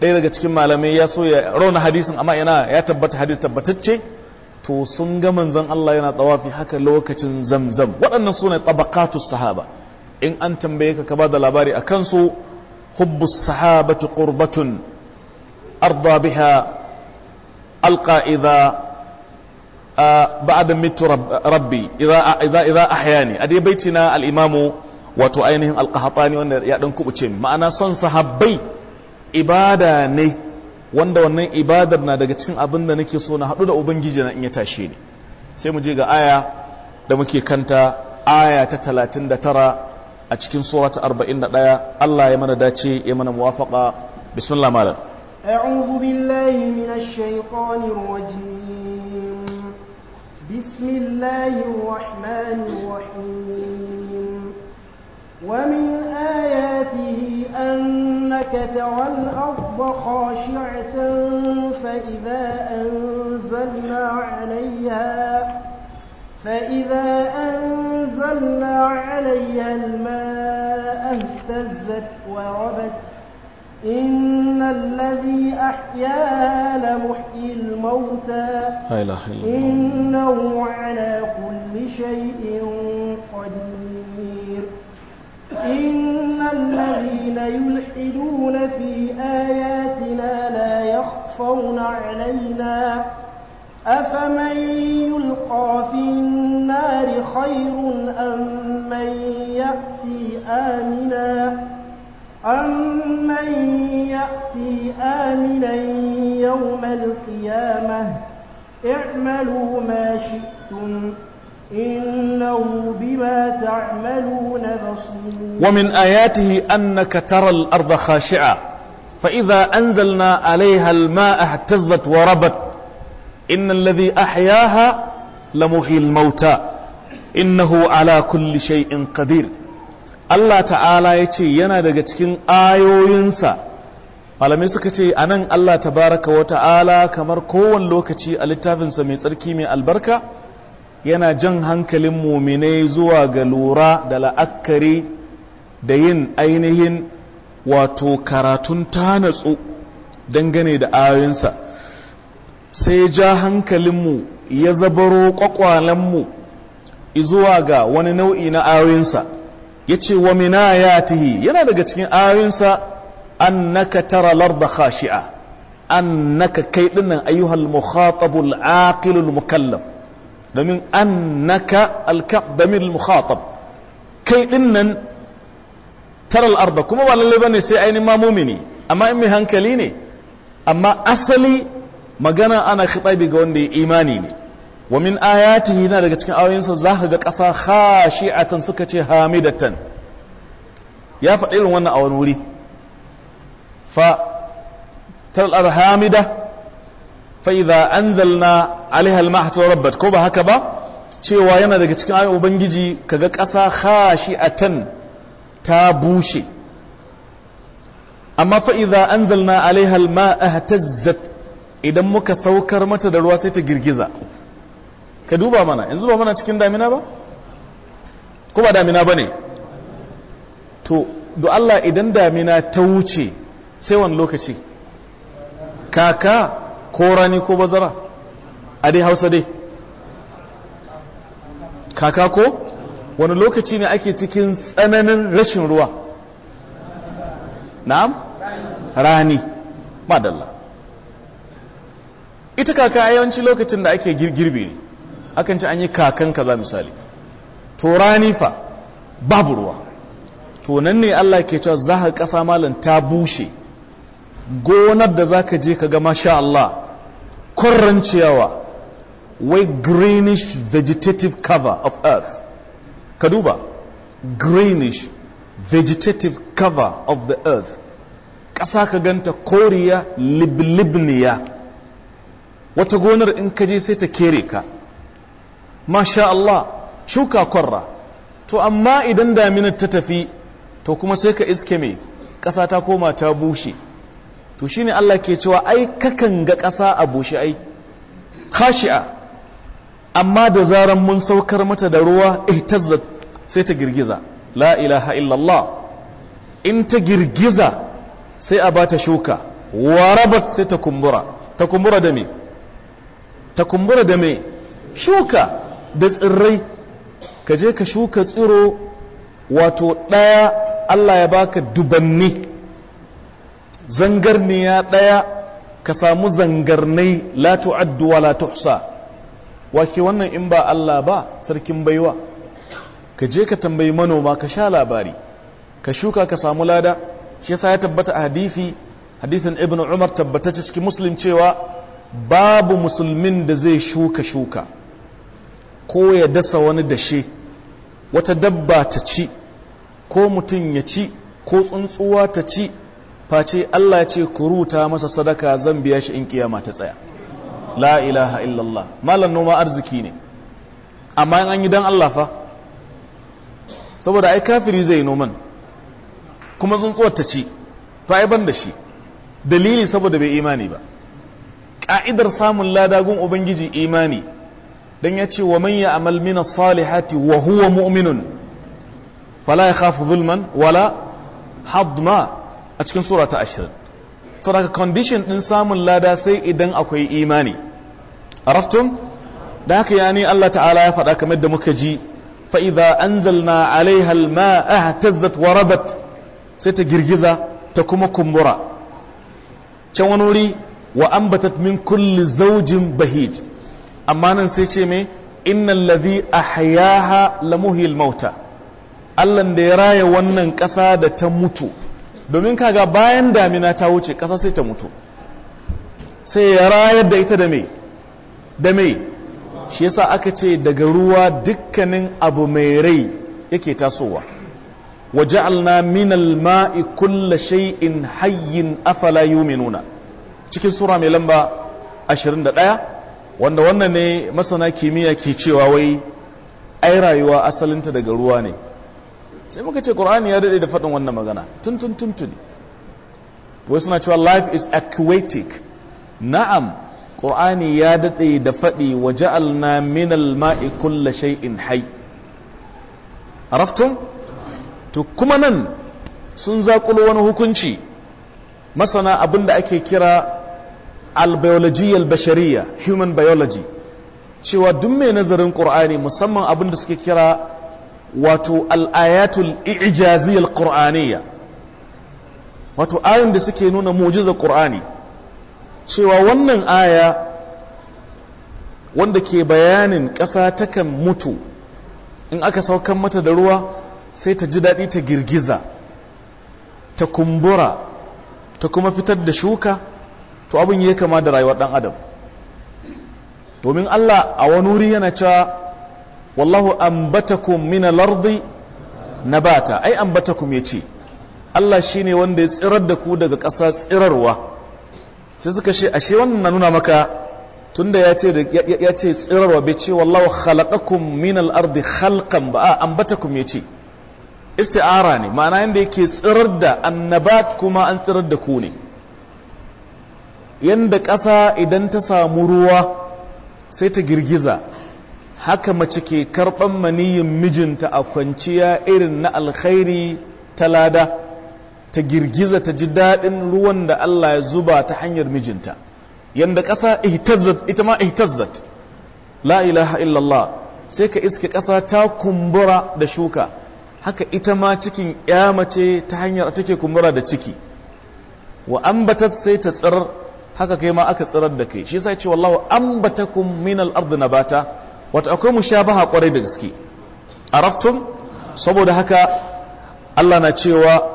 ɗaya daga cikin malamai ya so ya rauna hadisin amma yana ya tabbata hadis tabbatacce to sun ga manzon Allah yana tsawafi haka lokacin zamzam waɗannan sune tabaqatu sahaba in an tambaye ka ka ba da labari akan su hubbu sahabatu qurbatun arda biha alqa idha ba'da mitu rabbi idza idza ahyani a dai baiti na al-imamu wato ainihin al-qahtani wanda ya dan kubuce ma'ana son sahabbai ibada ne wanda wannan ibadar na daga cikin abin da nake so na haɗu da ubangiji na in ya tashe ni sai muje ga aya da muke kanta aya ta 39 a cikin sura ta 41 Allah ya mana dace ya mana muwafaqa bismillah malam بسم الله الرحمن الرحيم ومن آياته أنك ترى الأرض خاشعة فإذا أنزلنا عليها فإذا أنزلنا عليها الماء اهتزت وربت إن الذي أحياها لمحيي الموتى إنه على كل شيء قدير إن الذين يلحدون في آياتنا لا يخفون علينا أفمن يلقى في النار خير أم من يأتي آمناً أَمَّن يَأْتِي آمِنًا يَوْمَ الْقِيَامَةِ اعْمَلُوا مَا شِئْتُمْ إِنَّهُ بِمَا تَعْمَلُونَ بَصِيرٌ وَمِنْ آيَاتِهِ أَنَّكَ تَرَى الْأَرْضَ خَاشِعَةً فَإِذَا أَنزَلْنَا عَلَيْهَا الْمَاءَ اهْتَزَّتْ وَرَبَتْ إِنَّ الَّذِي أَحْيَاهَا لَمُحْيِي الْمَوْتَى إِنَّهُ عَلَى كُلِّ شَيْءٍ قَدِيرٌ Allah ta'ala ya ce yana daga cikin ayoyinsa malamai suka ce a nan Allah ta baraka wa ta'ala kamar kowane lokaci a littafinsa mai tsarki mai albarka yana jan hankalin muminai zuwa ga lura da la'akari da yin ainihin wato karatun ta natsu dangane da ayoyinsa sai ja hankalinmu ya zabaro kwakwalenmu zuwa ga wani nau'i na ayoyinsa ya ce wa minayatihi yana daga cikin ayoyinsa annaka tara larda khashi'a annaka kai dinnan ayyuhal mukhatabul aqilul mukallaf domin annaka alkaf damir mukhatab kai dinnan tara larda kuma ba lalle bane sai ainihin ma mumini amma in mai hankali ne amma asali magana ana khitabi ga wanda ya imani ne wa min ayatihi na daga cikin ayoyinsa za ka ga ƙasa khashi'atan suka ce hamidatan ya faɗi irin wannan a wani wuri fa tarar hamida fa idza anzalna alaiha al-ma'a rabbat ko ba haka ba cewa yana daga cikin ayoyin ubangiji kaga ƙasa khashi'atan ta bushe amma fa idza anzalna alaiha al-ma'a ihtazzat idan muka saukar mata da ruwa sai ta girgiza ka duba mana yanzu ba mana cikin damina ba ko ba damina ba ne to do Allah idan damina ta wuce sai wani lokaci kaka ko rani ko bazara a dai hausa dai kaka ko wani lokaci ne ake cikin tsananin rashin ruwa na'am rani madalla ita kaka yawanci lokacin da ake girbi ne akan ci an yi kakan kaza misali to rani fa babu ruwa to nan ne Allah ke cewa za ka ƙasa malam ta bushe gonar da za ka je ka ga masha Allah kurran ciyawa wai greenish vegetative cover of earth ka duba greenish vegetative cover of the earth ƙasa ka ganta koriya liblibniya wata gonar in ka je sai ta kere ka masha Allah shuka kwarra to amma idan daminar ta tafi to kuma sai ka iske mai ƙasa ta koma ta bushe to ne Allah ke cewa ai kakan ga ƙasa a bushe ai khashi'a amma da zaran mun saukar mata da ruwa ihtazzat sai ta girgiza la ilaha illallah in ta girgiza sai a bata shuka warabat sai ta kumbura ta kumbura da me ta kumbura da me shuka da tsirrai ka je ka shuka tsiro wato ɗaya Allah ya baka dubanni ya ɗaya ka samu zangarnai la tu'addu wa la tuhsa wake wannan in ba Allah ba sarkin baiwa ka je ka tambayi manoma ka sha labari ka shuka ka samu lada shi yasa ya tabbata a hadisi hadisin ibn umar tabbatacce cikin muslim cewa babu musulmin da zai shuka shuka ko ya dasa wani dashe wata dabba ta ci ko mutum ya ci ko tsuntsuwa ta ci face Allah ya ce ku ruta masa sadaka zan biya shi in kiyama ta tsaya la ilaha illallah malam noma arziki ne amma an yi dan Allah fa saboda ai kafiri zai noman kuma tsuntsuwar ta ci to ai ban da shi dalili saboda bai imani ba ka'idar samun ladagun ubangiji imani dan ya ce wa manya amal min salihati wa huwa mu'minun fala khafu zulman wala hadma a cikin sura ta 20 saboda condition din samun lada sai idan akwai imani araftum da haka yani Allah ta'ala ya faɗa kamar da muka ji faiza an anzalna alai, al-ma'a ihtazzat wa sai ta girgiza ta kuma kumbura can wani wuri wa ambatat min kulli zaujin bahij amma nan sai ce mai innan ladhi ahyaha lamuhi mauta allan da ya raya wannan ƙasa da ta mutu domin kaga bayan damina ta wuce ƙasa sai ta mutu sai ya rayar da ita da mai da mai shi yasa aka ce daga ruwa dukkanin abu mai rai yake tasowa waja'alna minal ma'i kulla shay'in hayyin afala nuna cikin sura mai lamba 21 wanda wannan ne masana kimiyya ke cewa wai ai rayuwa asalinta daga ruwa ne sai muka ce ƙur'ani ya daɗe da faɗin wannan magana tun tun tun wai suna cewa life is aquatic na'am ƙur'ani ya daɗe da faɗi wa ja'alna minal ma'i kulla shay'in hay to kuma nan sun zaƙulo wani hukunci masana abin da ake kira al-biology al human biology cewa duk mai nazarin ƙur'ani musamman abin da suke kira wato al'ayatul ijaziyar ƙur'aniya wato ayin da suke nuna mujizar ƙur'ani cewa wannan aya wanda ke bayanin ƙasa takan mutu in aka saukan mata da ruwa sai ta ji daɗi ta girgiza ta kumbura ta kuma fitar da shuka to abin ya kama da rayuwar dan adam domin Allah a wani wuri yana cewa wallahu ambatakum min al-ardi nabata ai ambatakum yace Allah shine wanda ya tsirar da ku daga ƙasa tsirarwa sai suka ce ashe wannan na nuna maka tunda ya ce ya ce tsirarwa bai ce wallahu khalaqakum min al-ardi khalqan ba ambatakum yace isti'ara ne ma'ana yanda yake tsirar da annabat kuma an tsirar da ku ne yanda ƙasa idan ta samu ruwa sai ta girgiza haka mace ke karɓan maniyin mijinta a kwanciya irin na alkhairi ta lada ta girgiza ta ji daɗin ruwan da Allah ya zuba ta hanyar mijinta yanda ƙasa ita ma ihtazzat la ilaha illallah sai ka iske ƙasa ta kumbura da shuka haka ita ma cikin ya mace ta hanyar take kumbura da ciki wa ambatat sai ta tsar haka kai ma aka tsirar da kai shi sai ce wallahu ambatakum min al-ard nabata wato akwai mushabaha kwarai da gaske araftum saboda haka Allah na cewa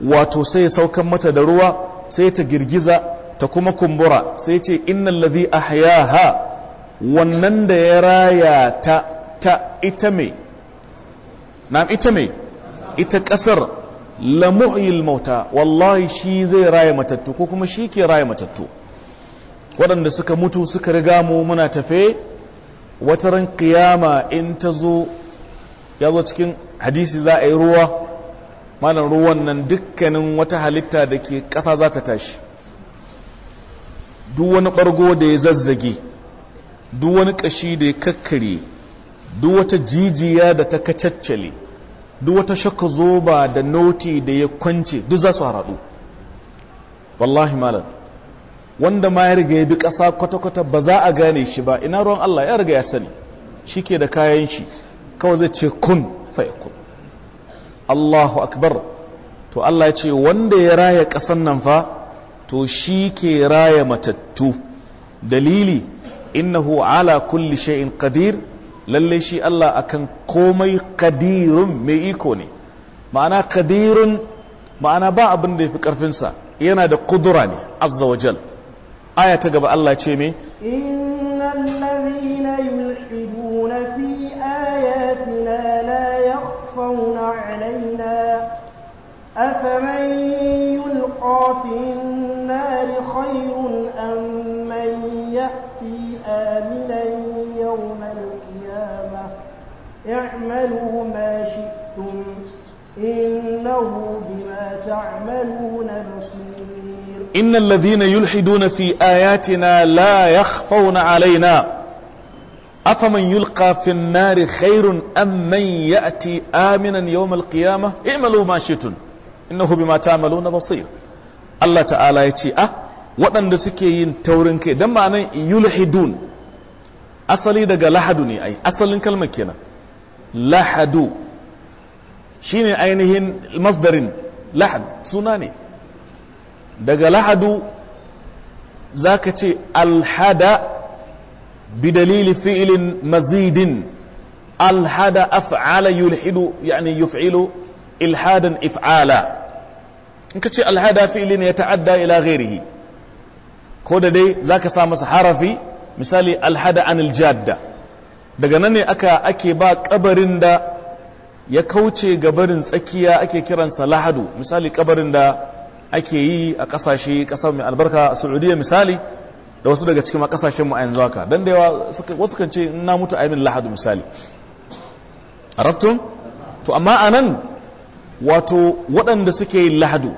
wato sai saukan mata da ruwa sai ta girgiza ta kuma kumbura sai ce innal ladhi ahyaha wannan da ya raya ta ta ita me na ita me ita kasar lamu'il mauta wallahi shi zai raya matattu ko kuma shi ke raya matattu waɗanda suka mutu suka riga mu muna tafe wata ran kiyama in ta zo ya zo cikin hadisi za a yi ruwa malam ruwan nan dukkanin wata halitta da ke ƙasa za ta tashi duk wani ɓargo da ya zazzage duk wani ƙashi da ya kakkare duk wata jijiya da ta kacaccale duk wata shakka zoba da noti da ya kwance duk za su haradu wallahi malam wanda ma ya riga ya bi ƙasa kwata-kwata ba za a gane shi ba ina ruwan Allah ya riga ya sani shi ke da kayan shi kawai zai ce kun kun Allahu akbar to Allah ya ce wanda ya raya ƙasan nan fa to shi ke raya matattu dalili innahu ala kulli shay'in qadir lallai shi Allah akan komai kadirun mai iko ne ma'ana kadirun ma'ana ba abin da ya fi ƙarfinsa yana da kudura ne azza wajal aya ta gaba Allah ce me تعملون بصير إن الذين يلحدون في آياتنا لا يخفون علينا أفمن يلقى في النار خير أم من يأتي آمنا يوم القيامة اعملوا ما شئتم إنه بما تعملون بصير الله تعالى يتي أه waɗanda suke yin taurin kai don ma'anan yulhidun asali daga lahadu ne ai asalin kalmar kenan lahadu shine ainihin masdarin lahad suna ne daga lahadu za ka ce alhada dalili fi'ilin mazidin alhada af'ala yulhidu yani yuf'ilu ilhadan if'ala in ka ce alhada fi'ili ne ya ta'adda ila ghairihi ko da dai za ka sa masa harafi misali alhada an jadda daga nan ne aka ake ba kabarin da ya kauce gabarin tsakiya ake kiransa lahadu misali kabarin da ake yi a kasashe kasar mai albarka a saudiya misali da wasu daga cikin kasashen mu a yanzu haka dan da yawa wasu kan ce na mutu a min lahadu misali A raftun to amma a nan, wato waɗanda suke yin lahadu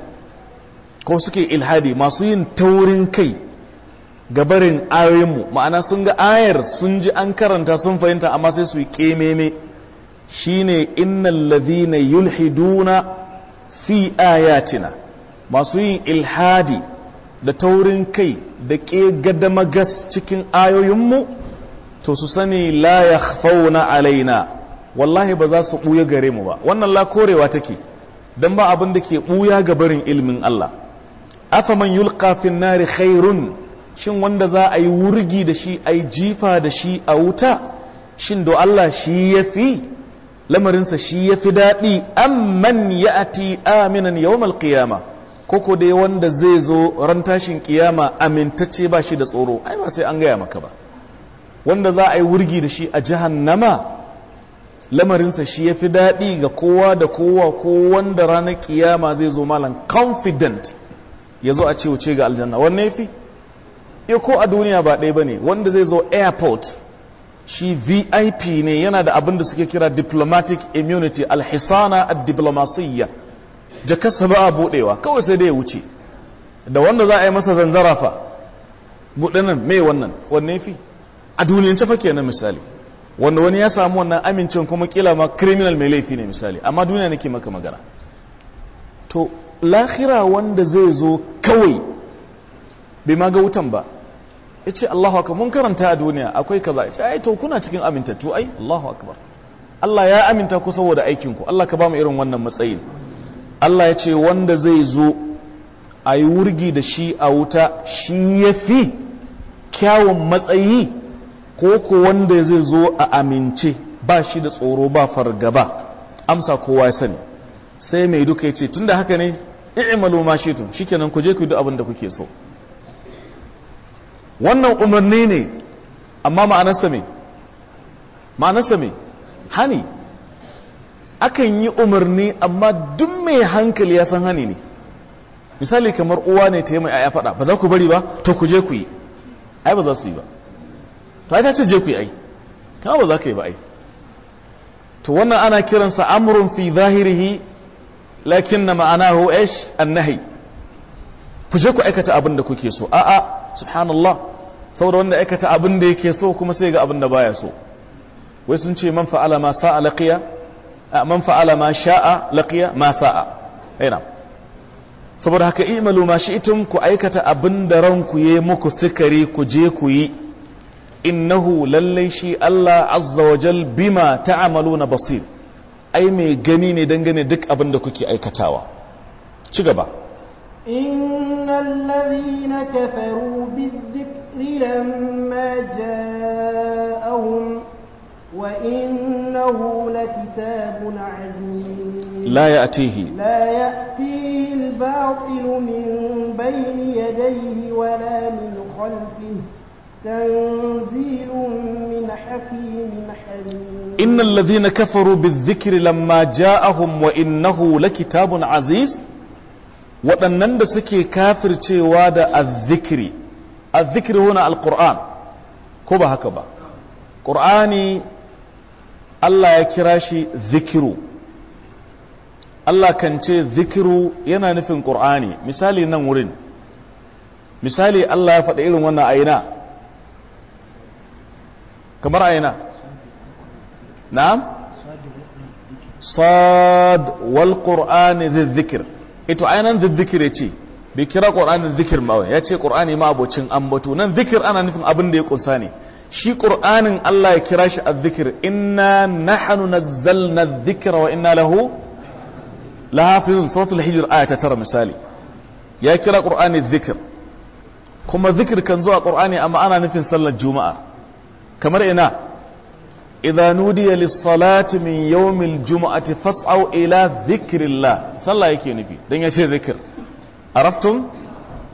ko suke ilhadi masu yin taurin kai gabarin ayoyinmu ma'ana sun ga ayar sun ji an karanta sun fahimta amma sai su yi kememe shine innal ladhina yulhiduna fi ayatina masu yin ilhadi da taurin kai da ke gadama gas cikin ayoyinmu to su sani la yakhfawna alaina wallahi ba za su buya gare mu ba wannan la korewa take dan ba abin da ke buya ga barin ilmin Allah afaman yulqa fin nari khairun shin wanda za a yi wurgi da shi a yi jifa da shi a wuta shin do Allah shi ya fi lamarinsa shi ya fi daɗi amman ya ati aminan yawmal qiyama ko dai wanda zai zo ran tashin kiyama amintacce ba shi da tsoro ai ba sai an gaya maka ba wanda za a yi wurgi da shi a jahannama lamarinsa shi ya fi daɗi ga kowa da kowa ko wanda ranar kiyama zai zo malam confident ya zo a ce wuce ga aljanna wanne fi ya ko a duniya ba ɗaya ba ne wanda zai zo airport shi vip ne yana da abin da suke kira diplomatic immunity alhisana a diplomasiyya jakarsa ba a buɗewa kawai sai dai ya wuce da wanda za a yi masa zanzara fa buɗanan mai wannan wannan fi a duniyance fa kenan misali wanda wani ya samu wannan amincin kuma kila ma criminal mai laifi ne misali amma duniya nake maka magana to lahira wanda zai zo kawai bai ma ga wutan ba ya ce Allahu akbar mun karanta a duniya akwai kaza ya ce ai to kuna cikin amintattu ai Allahu akbar Allah ya aminta ku saboda aikin ku Allah ka ba mu irin wannan matsayin Allah ya ce wanda zai zo a yi wurgi da shi a wuta shi ya fi kyawun matsayi ko ko wanda zai zo a amince ba shi da tsoro ba fargaba amsa kowa ya sani sai mai duka ya ce da haka ne i'malu ma tun shikenan ku je ku yi duk abin da kuke so wannan umarni ne amma ma'anarsa me ma'anarsa me hani akan yi umarni amma duk mai hankali ya san hani ne misali kamar uwa ne ta yi mai aya faɗa ba za ku bari ba to ku je ku yi ai ba za su yi ba to ai ta ce je ku yi ai kama ba za ka yi ba ai to wannan ana kiransa amrun fi zahirihi lakin na ma'anahu ish annahi ku je ku aikata abin da kuke so a'a subhanallah saboda wanda aikata abin da yake so kuma sai ga abin da baya so wai sun ce man fa'ala ma sa'a laqiya man fa'ala ma sha'a laqiya ma sa'a aina saboda haka imalu ma shi'tum ku aikata abin da ranku yayi muku sikari ku je ku yi innahu lallai shi Allah azza wa jal bima ta'maluna basir ai mai gani ne dangane duk abin da kuke aikatawa ci gaba innal ladhina kafaru bi لما جاءهم وإنه لكتاب عزيز لا يأتيه لا يأتيه الباطل من بين يديه ولا من خلفه تنزيل من حكيم حليم إن الذين كفروا بالذكر لما جاءهم وإنه لكتاب عزيز waɗannan da suke kafircewa da azzikiri الذكر هنا القرآن كوبا هكذا قرآني الله يكراشي ذكره Allah kan ce zikiru yana nufin ƙur'ani misali nan wurin misali Allah ya faɗa irin wannan aina kamar aina na'am sad wal qur'ani zikir ito ainan zikir ya ce bai kira ƙur'anin zikir ma ya ce ƙur'ani ma abocin ambato nan zikir ana nufin abin da ya kunsa ne shi ƙur'anin Allah ya kira shi azzikir inna nahnu nazzalna dhikra wa ina lahu lahafizun suratul hijr aya ta tara misali ya kira ƙur'ani zikir kuma zikir kan zuwa ƙur'ani amma ana nufin sallar juma'a kamar ina idza nudiya lis-salati min yawmil juma'ati fas'au ila dhikrillah sallah yake nufi dan ya ce zikir araftun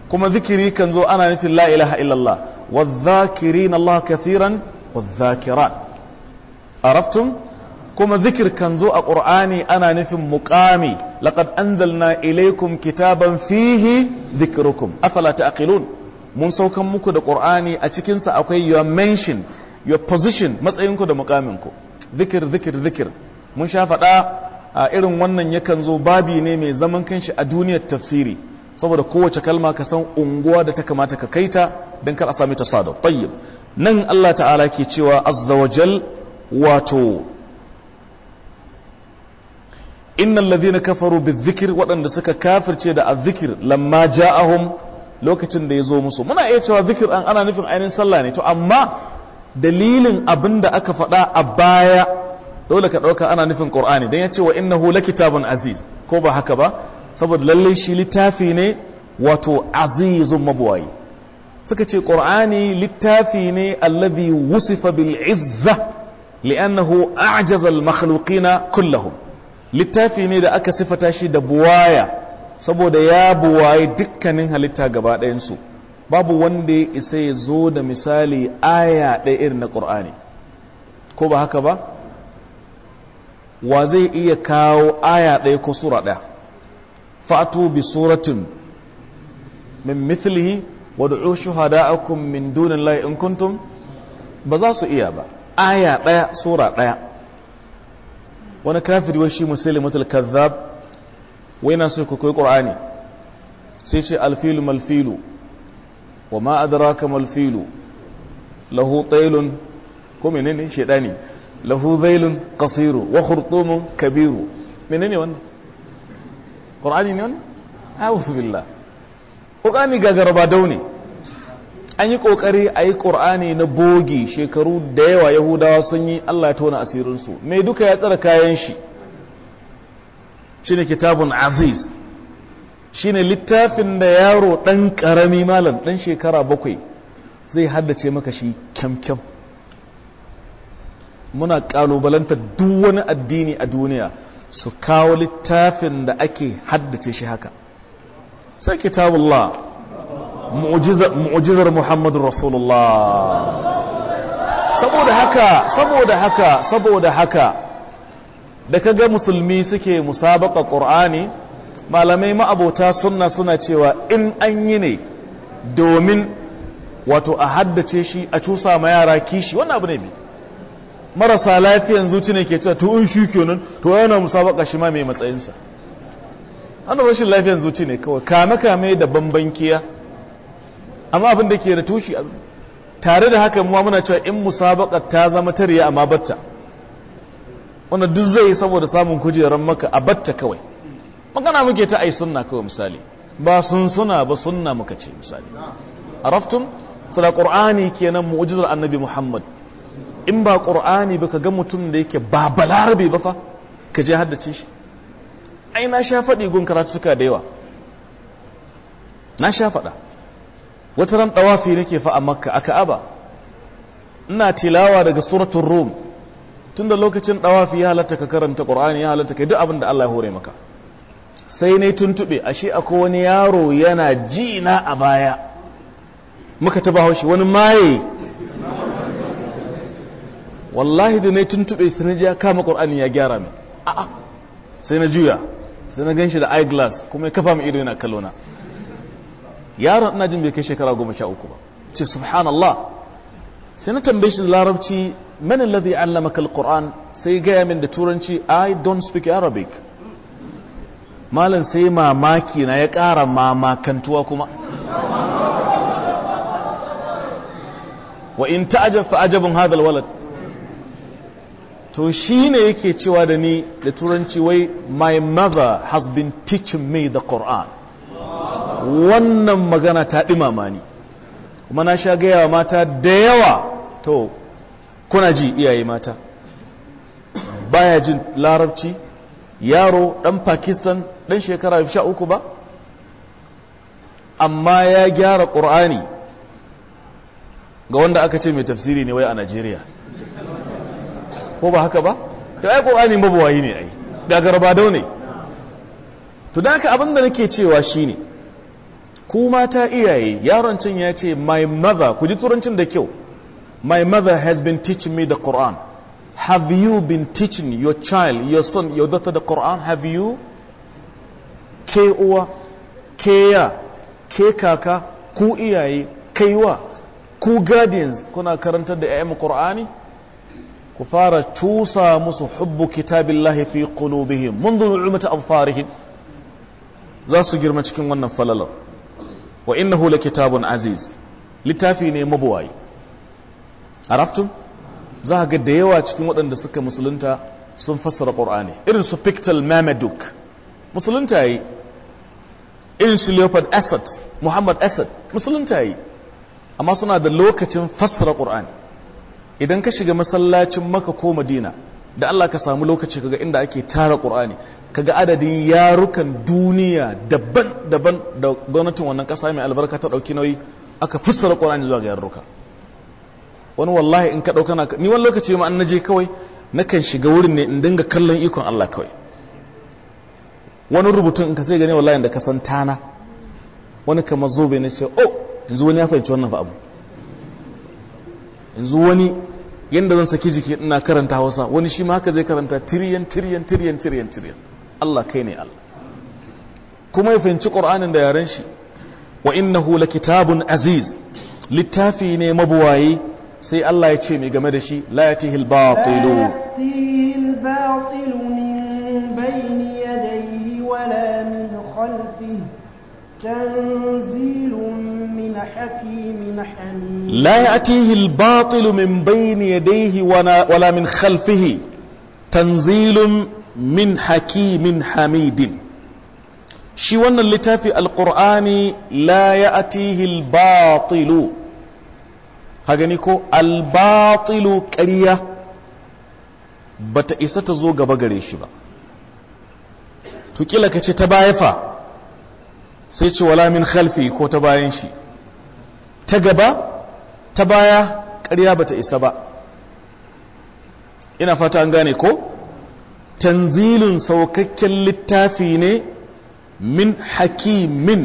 kuma zikiri kan ana nufin la ilaha illallah wadhakirin Allah kathiran wadhakirat araftum kuma zikir kan zo a ƙur'ani ana nufin muƙami laƙad anzalna ilaikum kitaban fihi zikirukum afala ta'qilun mun saukan muku da ƙur'ani a cikinsa akwai your mention your position matsayinku da muƙaminku zikir zikir zikir mun sha faɗa a irin wannan yakan zo babi ne mai zaman kanshi a duniyar tafsiri saboda kowace kalma ka san unguwa da ta kamata ka kaita don kar a sami ta sadar tayyib nan Allah ta'ala ke cewa azzawajal wato innal ladhina kafaru bizikir waɗanda suka kafirce da azzikir lamma ja'ahum lokacin da ya zo musu muna iya cewa zikir an ana nufin ainihin sallah ne to amma dalilin abin da aka faɗa a baya dole ka ɗauka ana nufin ƙur'ani don ya ce wa innahu la kitabun aziz ko ba haka ba saboda lallai shi littafi ne wato azizun mabuwayi suka ce ƙur'ani littafi ne allazi wusifa bil izza li'annahu a'jazal makhluqina kullahum littafi ne da aka sifata shi da buwaya saboda ya buwaye dukkanin halitta gaba ɗayansu babu wanda ya isa ya zo da misali aya ɗaya irin na ƙur'ani ko ba haka ba wa zai iya kawo aya ɗaya ko sura ɗaya fa'atu bi suratin min mithlihi wad'u shuhada'akum min dunillahi in kuntum ba za su iya ba aya daya sura daya wani kafiri wa shi muslimatul kadhab wai na so ku koyi qur'ani sai ce alfilu malfilu wa ma adraka malfilu lahu taylun ko menene shedani lahu zailun qasiru wa khurtumun kabiru menene wannan ƙorani ne wani awufu billah ƙorani gagaraba daune an yi ƙoƙari a yi ƙorani na bogi shekaru da yawa yahudawa sun yi allah ya tona asirinsu mai duka ya tsara kayan shi shi ne kitabun aziz shi ne littafin da yaro ɗan ƙarami malam ɗan shekara bakwai zai haddace maka shi kyamkyam muna ƙalubalanta duk wani addini a duniya su kawo littafin da ake haddace shi haka sai kitabullah mu'jizar muhammadu rasulullah saboda haka saboda haka saboda haka da kaga musulmi suke musabaka qur'ani malamai ma'abota sunna suna cewa in an yi ne domin wato a haddace shi a cusa ma yara kishi wannan abu ne bi marasa lafiyan zuci ne ke cewa to in shi kenan to yana musabaka shi ma mai matsayinsa an rashin lafiyan zuci ne kawai kame kame da bambankiya amma abin da ke da tushi tare da haka muwa muna cewa in musabaka ta zama tariya amma batta wanda duk zai yi saboda samun kujerar maka a batta kawai magana muke ta ai sunna kawai misali ba sun suna ba sunna muka ce misali araftum sada ke kenan mu'ujizar annabi muhammad in ba ƙur'ani ba ka ga mutum da yake ba balarabe ba fa ka je haddace shi ai na sha faɗi gun suka da yawa na sha faɗa wata ran ɗawafi nake fa a makka a ka'aba ina tilawa daga suratun rum tun da lokacin ɗawafi ya halatta ka karanta ƙur'ani ya halatta ka duk abin da allah ya hore maka sai na tuntuɓe ashe akwai wani yaro yana ji na a baya muka taba haushi wani maye wallahi da na tuntube sai na ji ya kama qur'ani ya gyara ni a'a sai na juya sai na ganshi da glass kuma ya kafa ma ido yana kallo na yaron ina jin bai kai shekara goma sha uku ba ce subhanallah sai na tambaye shi da larabci man alladhi allamaka alquran sai gaya min da turanci i don't speak arabic malam sai mamaki na ya ƙara mamakantuwa kuma wa in ta'ajab fa ajabun hadha alwalad to shi ne yake cewa da ni da turanci wai my mother has been teaching me the Quran wannan magana ta ɗi ni kuma na sha gaya mata da yawa to kuna ji iyaye mata baya jin larabci yaro ɗan pakistan ɗan shekara sha uku ba amma ya gyara ƙur'ani ga wanda aka ce mai tafsiri ne wai a najeriya ko ba haka ba to ai qur'ani mabawayi ne ai garba dau ne to da haka abin da nake cewa shine ku mata iyaye yaron can ya ce my mother ku ji turancin da kyau my mother has been teaching me the quran have you been teaching your child your son your daughter the quran have you ke uwa ke ya ke kaka ku iyaye kaiwa ku guardians kuna karantar da 'ya'yan qur'ani ku fara cusa musu hubbu kitabin fi mun منذ ilmata أظفارهم za su girma cikin wannan falalar wa hula kitabun aziz littafi ne mabuwayi araftun za a ga da yawa cikin waɗanda suka musulunta sun fassara ƙur'ani irin su pictal mamaduk musulunta yi irin su leopard asad muhammad asad musulunta yi amma suna da lokacin fassara ƙur'ani idan ka shiga masallacin maka ko madina da Allah ka samu lokaci kaga inda ake tara Qur'ani kaga adadin yarukan duniya daban-daban da gwamnatin wannan kasa mai albarka ta ɗauki nauyi aka fassara Qur'ani zuwa ga yaruka wani wallahi in ka ɗauka ni wani lokaci ma an naje kawai nakan shiga wurin ne in dinga kallon ikon Allah kawai wani rubutun in ka sai gane wallahi da ka san tana wani kama zobe na ce oh yanzu wani ya fahimci wannan fa abu yanzu wani yadda zan saki jiki ina karanta hausa wani shi ma haka zai karanta tiriyan tiriyan tiriyan tiriyan tiriyan Allah kai ne Allah kuma ya fahimci ƙur'anin da yaren shi wa innahu la kitabun aziz littafi ne mabuwayi sai Allah ya ce mai game da shi la yatihi al-batilu min حكيم حميد لا يأتيه الباطل من بين يديه min من خلفه تنزيل من حكيم حميد shi wannan littafi alkur'ani la ya atihil batilu ha gani ko albatilu ƙarya ba ta isa ta zo gaba gare shi ba tukila ka ce ta baya fa sai ce wala min khalfi ko ta bayan shi ta gaba ta baya ƙarya bata isa ba ina fata an gane ko tanzilin saukakken littafi ne min hakimin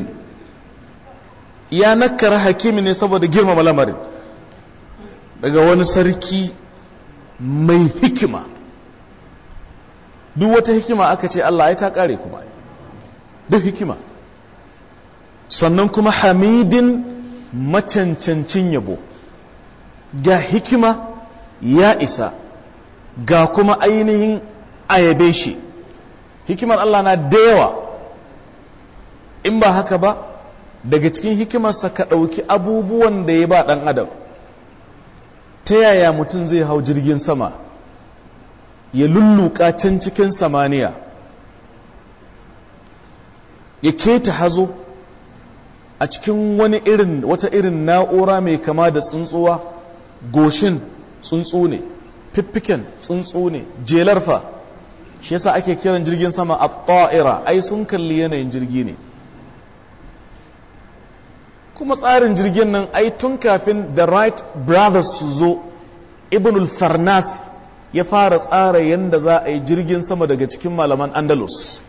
ya nakara hakimi ne saboda girmama lamarin daga wani sarki mai hikima duk wata hikima aka ce Allah ya ta kare kuma duk hikima sannan kuma hamidin macancancin yabo ga hikima ya isa ga kuma ainihin ayabe shi hikimar Allah na da yawa in ba haka ba daga cikin hikimarsa ka ɗauki abubuwan da ya ba ɗan adam ta yaya mutum zai hau jirgin sama ya lulluka can cikin samaniya ya keta hazo a cikin wani irin wata irin na'ura mai kama da tsuntsuwa goshin tsuntsu ne fiffiken tsuntsu ne jelar fa shi yasa ake kiran jirgin sama a ta'ira ai sun kalli yanayin jirgi ne kuma tsarin jirgin nan ai tun kafin the right brothers su zo ibnul farnas ya fara tsara yadda za a yi jirgin sama daga cikin malaman andalus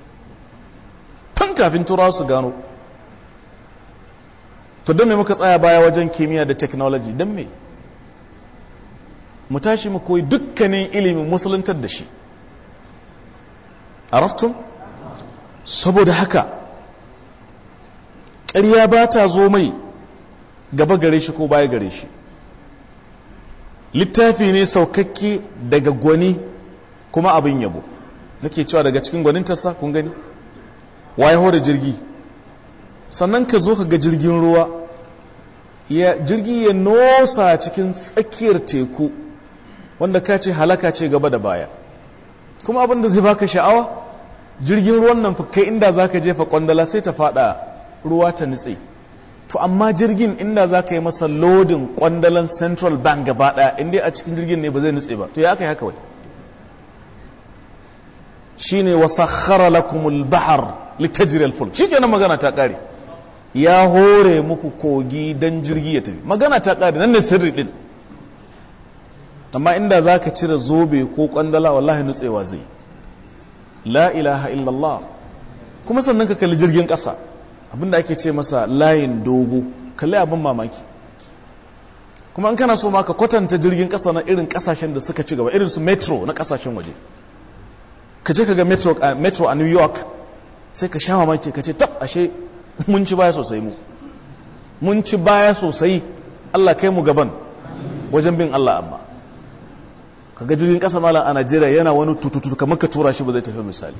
tun kafin turawa su gano to don me muka tsaya baya wajen kimiyya da technology don me mu tashi mu koyi dukkanin ilimin musuluntar da shi a saboda haka ƙarya ba ta zo mai gaba gare shi ko baya gare shi littafi ne saukakke daga gwani kuma abin yabo nake cewa daga cikin gwanintarsa kun gani waye da jirgi sannan ka zo ka ga jirgin ruwa ya jirgi ya nosa cikin tsakiyar teku wanda ka ce halaka ce gaba da baya kuma abin da zai baka sha'awa jirgin ruwan nan kai inda za ka jefa kwandala sai ta fada ruwa ta nutse to amma jirgin inda za ka yi masa lodin kwandalan central bank gaba daya inda a cikin jirgin ne ba zai nutse ba to ya aka yi haka wai shine wasa lakumul bahar litajri al shi kenan magana ta kare ya hore muku kogi don jirgi ya tafi magana ta ƙari nan ne sirri ɗin amma inda za ka cire zobe ko ƙwandala wallahi nutsewa zai la ilaha illallah kuma sannan ka kalli jirgin ƙasa abinda ake ce masa layin dogo kalli abin mamaki kuma in kana so ma ka kwatanta jirgin ƙasa na irin ƙasashen da suka ci gaba irin su metro na ƙasashen waje ka je ka ga metro eh, a new york sai ka sha mamaki ka ce tab ashe mun ci baya sosai mu mun ci baya sosai Allah kai mu gaban wajen bin Allah amma kaga jirgin kasa mala a Najeriya yana wani tututu kamar ka tura shi ba zai tafi misali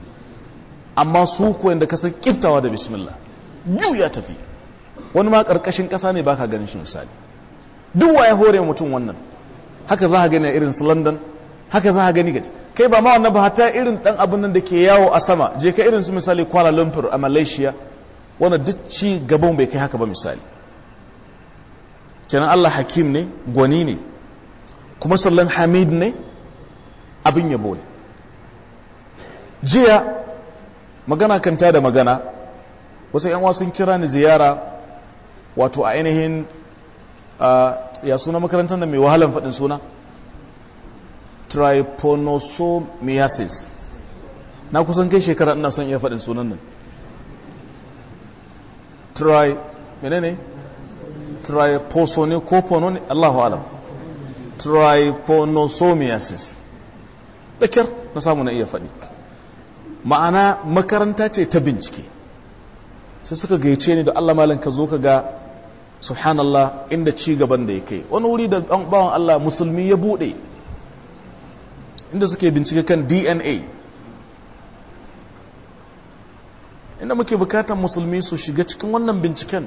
amma su ko da ka san kiftawa da bismillah yau ya tafi wani ma karkashin kasa ne baka ganin shi misali duk waye hore mutum wannan haka za ka gani a irin su London haka za ka gani gaji kai ba ma wannan ba hatta irin dan abin nan da ke yawo a sama je ka irin su misali Kuala Lumpur a Malaysia wanda duk ci gaban bai kai haka ba misali kenan Allah hakim ne gwani ne kuma sallan hamid ne abin yabo ne jiya magana kanta da magana wasu yan sun kira ni ziyara wato a ainihin ya suna makarantar da mai wahalar faɗin suna trypanosomiasis na kusan kai shekara ina son iya faɗin sunan nan tri menene tryposone ko Allahu alam trypanosomiasis tsakiyar na samu na iya faɗi ma'ana makaranta ce ta bincike sai suka gaice ni da Allah malam ka zo ka ga subhanallah inda ci gaban da ya wani wuri da bawan Allah musulmi ya buɗe inda suke bincike kan DNA inda muke bukatar musulmi su shiga cikin wannan binciken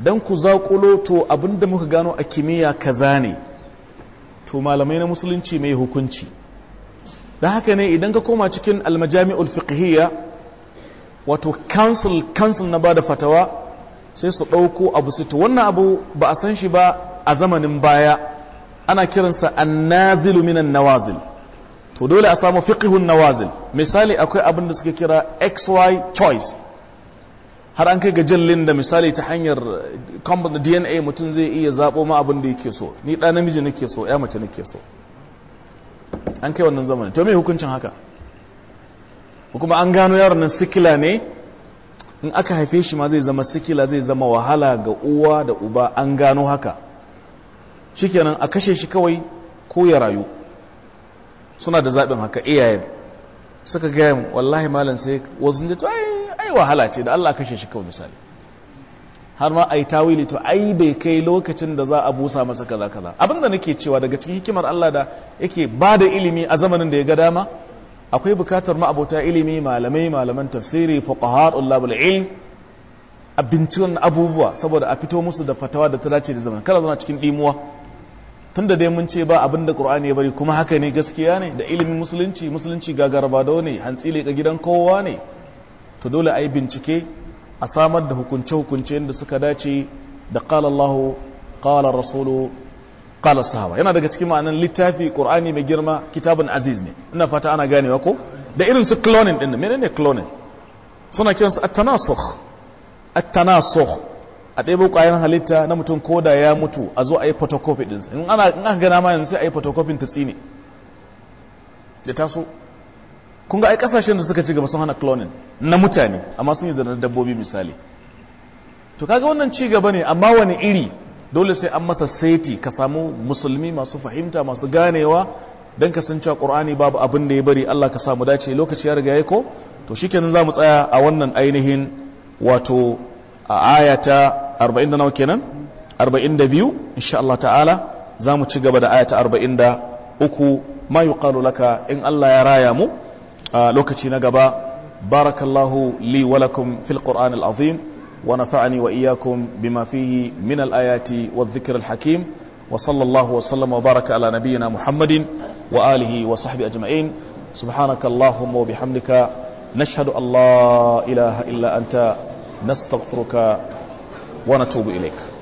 don ku zaƙulo to abinda muka gano a kimiyya kaza ne to malamai na musulunci mai hukunci da haka ne idan ka koma cikin almajami'ul fiqhiyya wato council council na bada fatawa sai su ɗauko abu su to wannan abu ba a san shi ba a zamanin baya ana kiransa annazilu minan nawazil to dole a samu fiqhun nawazil misali akwai abin da suke kira xy choice har an kai ga jallin da misali ta hanyar eh, dna mutum zai iya zaɓo ma abin da yake so ni ɗa namiji nake so ya mace nake so an kai wannan zamanin to me hukuncin haka kuma an gano yaron nan sikila ne in aka haife shi ma zai zama sikila zai zama wahala ga uwa da uba an gano haka shikenan a kashe shi kawai ko ya rayu suna da zaɓin haka iyayen suka gaya wallahi malam sai wasu ji to ai wahala ce da Allah kashe shi kawai misali har ma ai tawili to ai bai kai lokacin da za a busa masa kaza kaza abin da nake cewa daga cikin hikimar Allah da yake ba da ilimi a zamanin da ya ga dama akwai bukatar ma'abota ilimi malamai malaman tafsiri fuqaha ulabul ilm abincin abubuwa saboda a fito musu da fatawa da ta dace da zaman kada zana cikin dimuwa tunda dai mun ce ba abin da qur'ani ya bari kuma haka ne gaskiya ne da ilimin musulunci musulunci gagaraba da ne hantsi gidan kowa ne to dole a yi bincike a samar da hukunce hukunce da suka dace da qala Allahu rasulu qala sahaba yana daga cikin ma'anin littafi qur'ani mai girma kitabun aziz ne ina fata ana ganewa ko da irin su cloning din menene cloning suna kiransu at-tanasukh at-tanasukh a ɗaya ƙwayar halitta na mutum ko da ya mutu a zo a yi photocopy ɗinsa in aka gana ma yanzu sai a yi photocopy ta tsine da taso kun ga ai ƙasashen da suka ci gaba sun hana cloning na mutane amma sun yi da dabbobi misali to kaga wannan ci gaba ne amma wani iri dole sai an masa saiti ka samu musulmi masu fahimta masu ganewa don ka san cewa qur'ani babu abin da ya bari Allah ka samu dace lokaci ya riga ya ko to shikenan za mu tsaya a wannan ainihin wato a ayata 40 nawa kenan 42 insha Allah ta'ala za mu ci gaba da ayata 43 ma yuqalu laka in Allah ya raya mu lokaci na gaba barakallahu li wa lakum fil qur'anil azim wa nafa'ani wa iyyakum bima fihi min al ayati wadh hakim wa sallallahu wa sallama wa baraka ala nabiyyina muhammadin wa alihi wa sahbihi ajma'in subhanakallahumma wa bihamdika nashhadu an la ilaha illa anta نستغفرك ونتوب إليك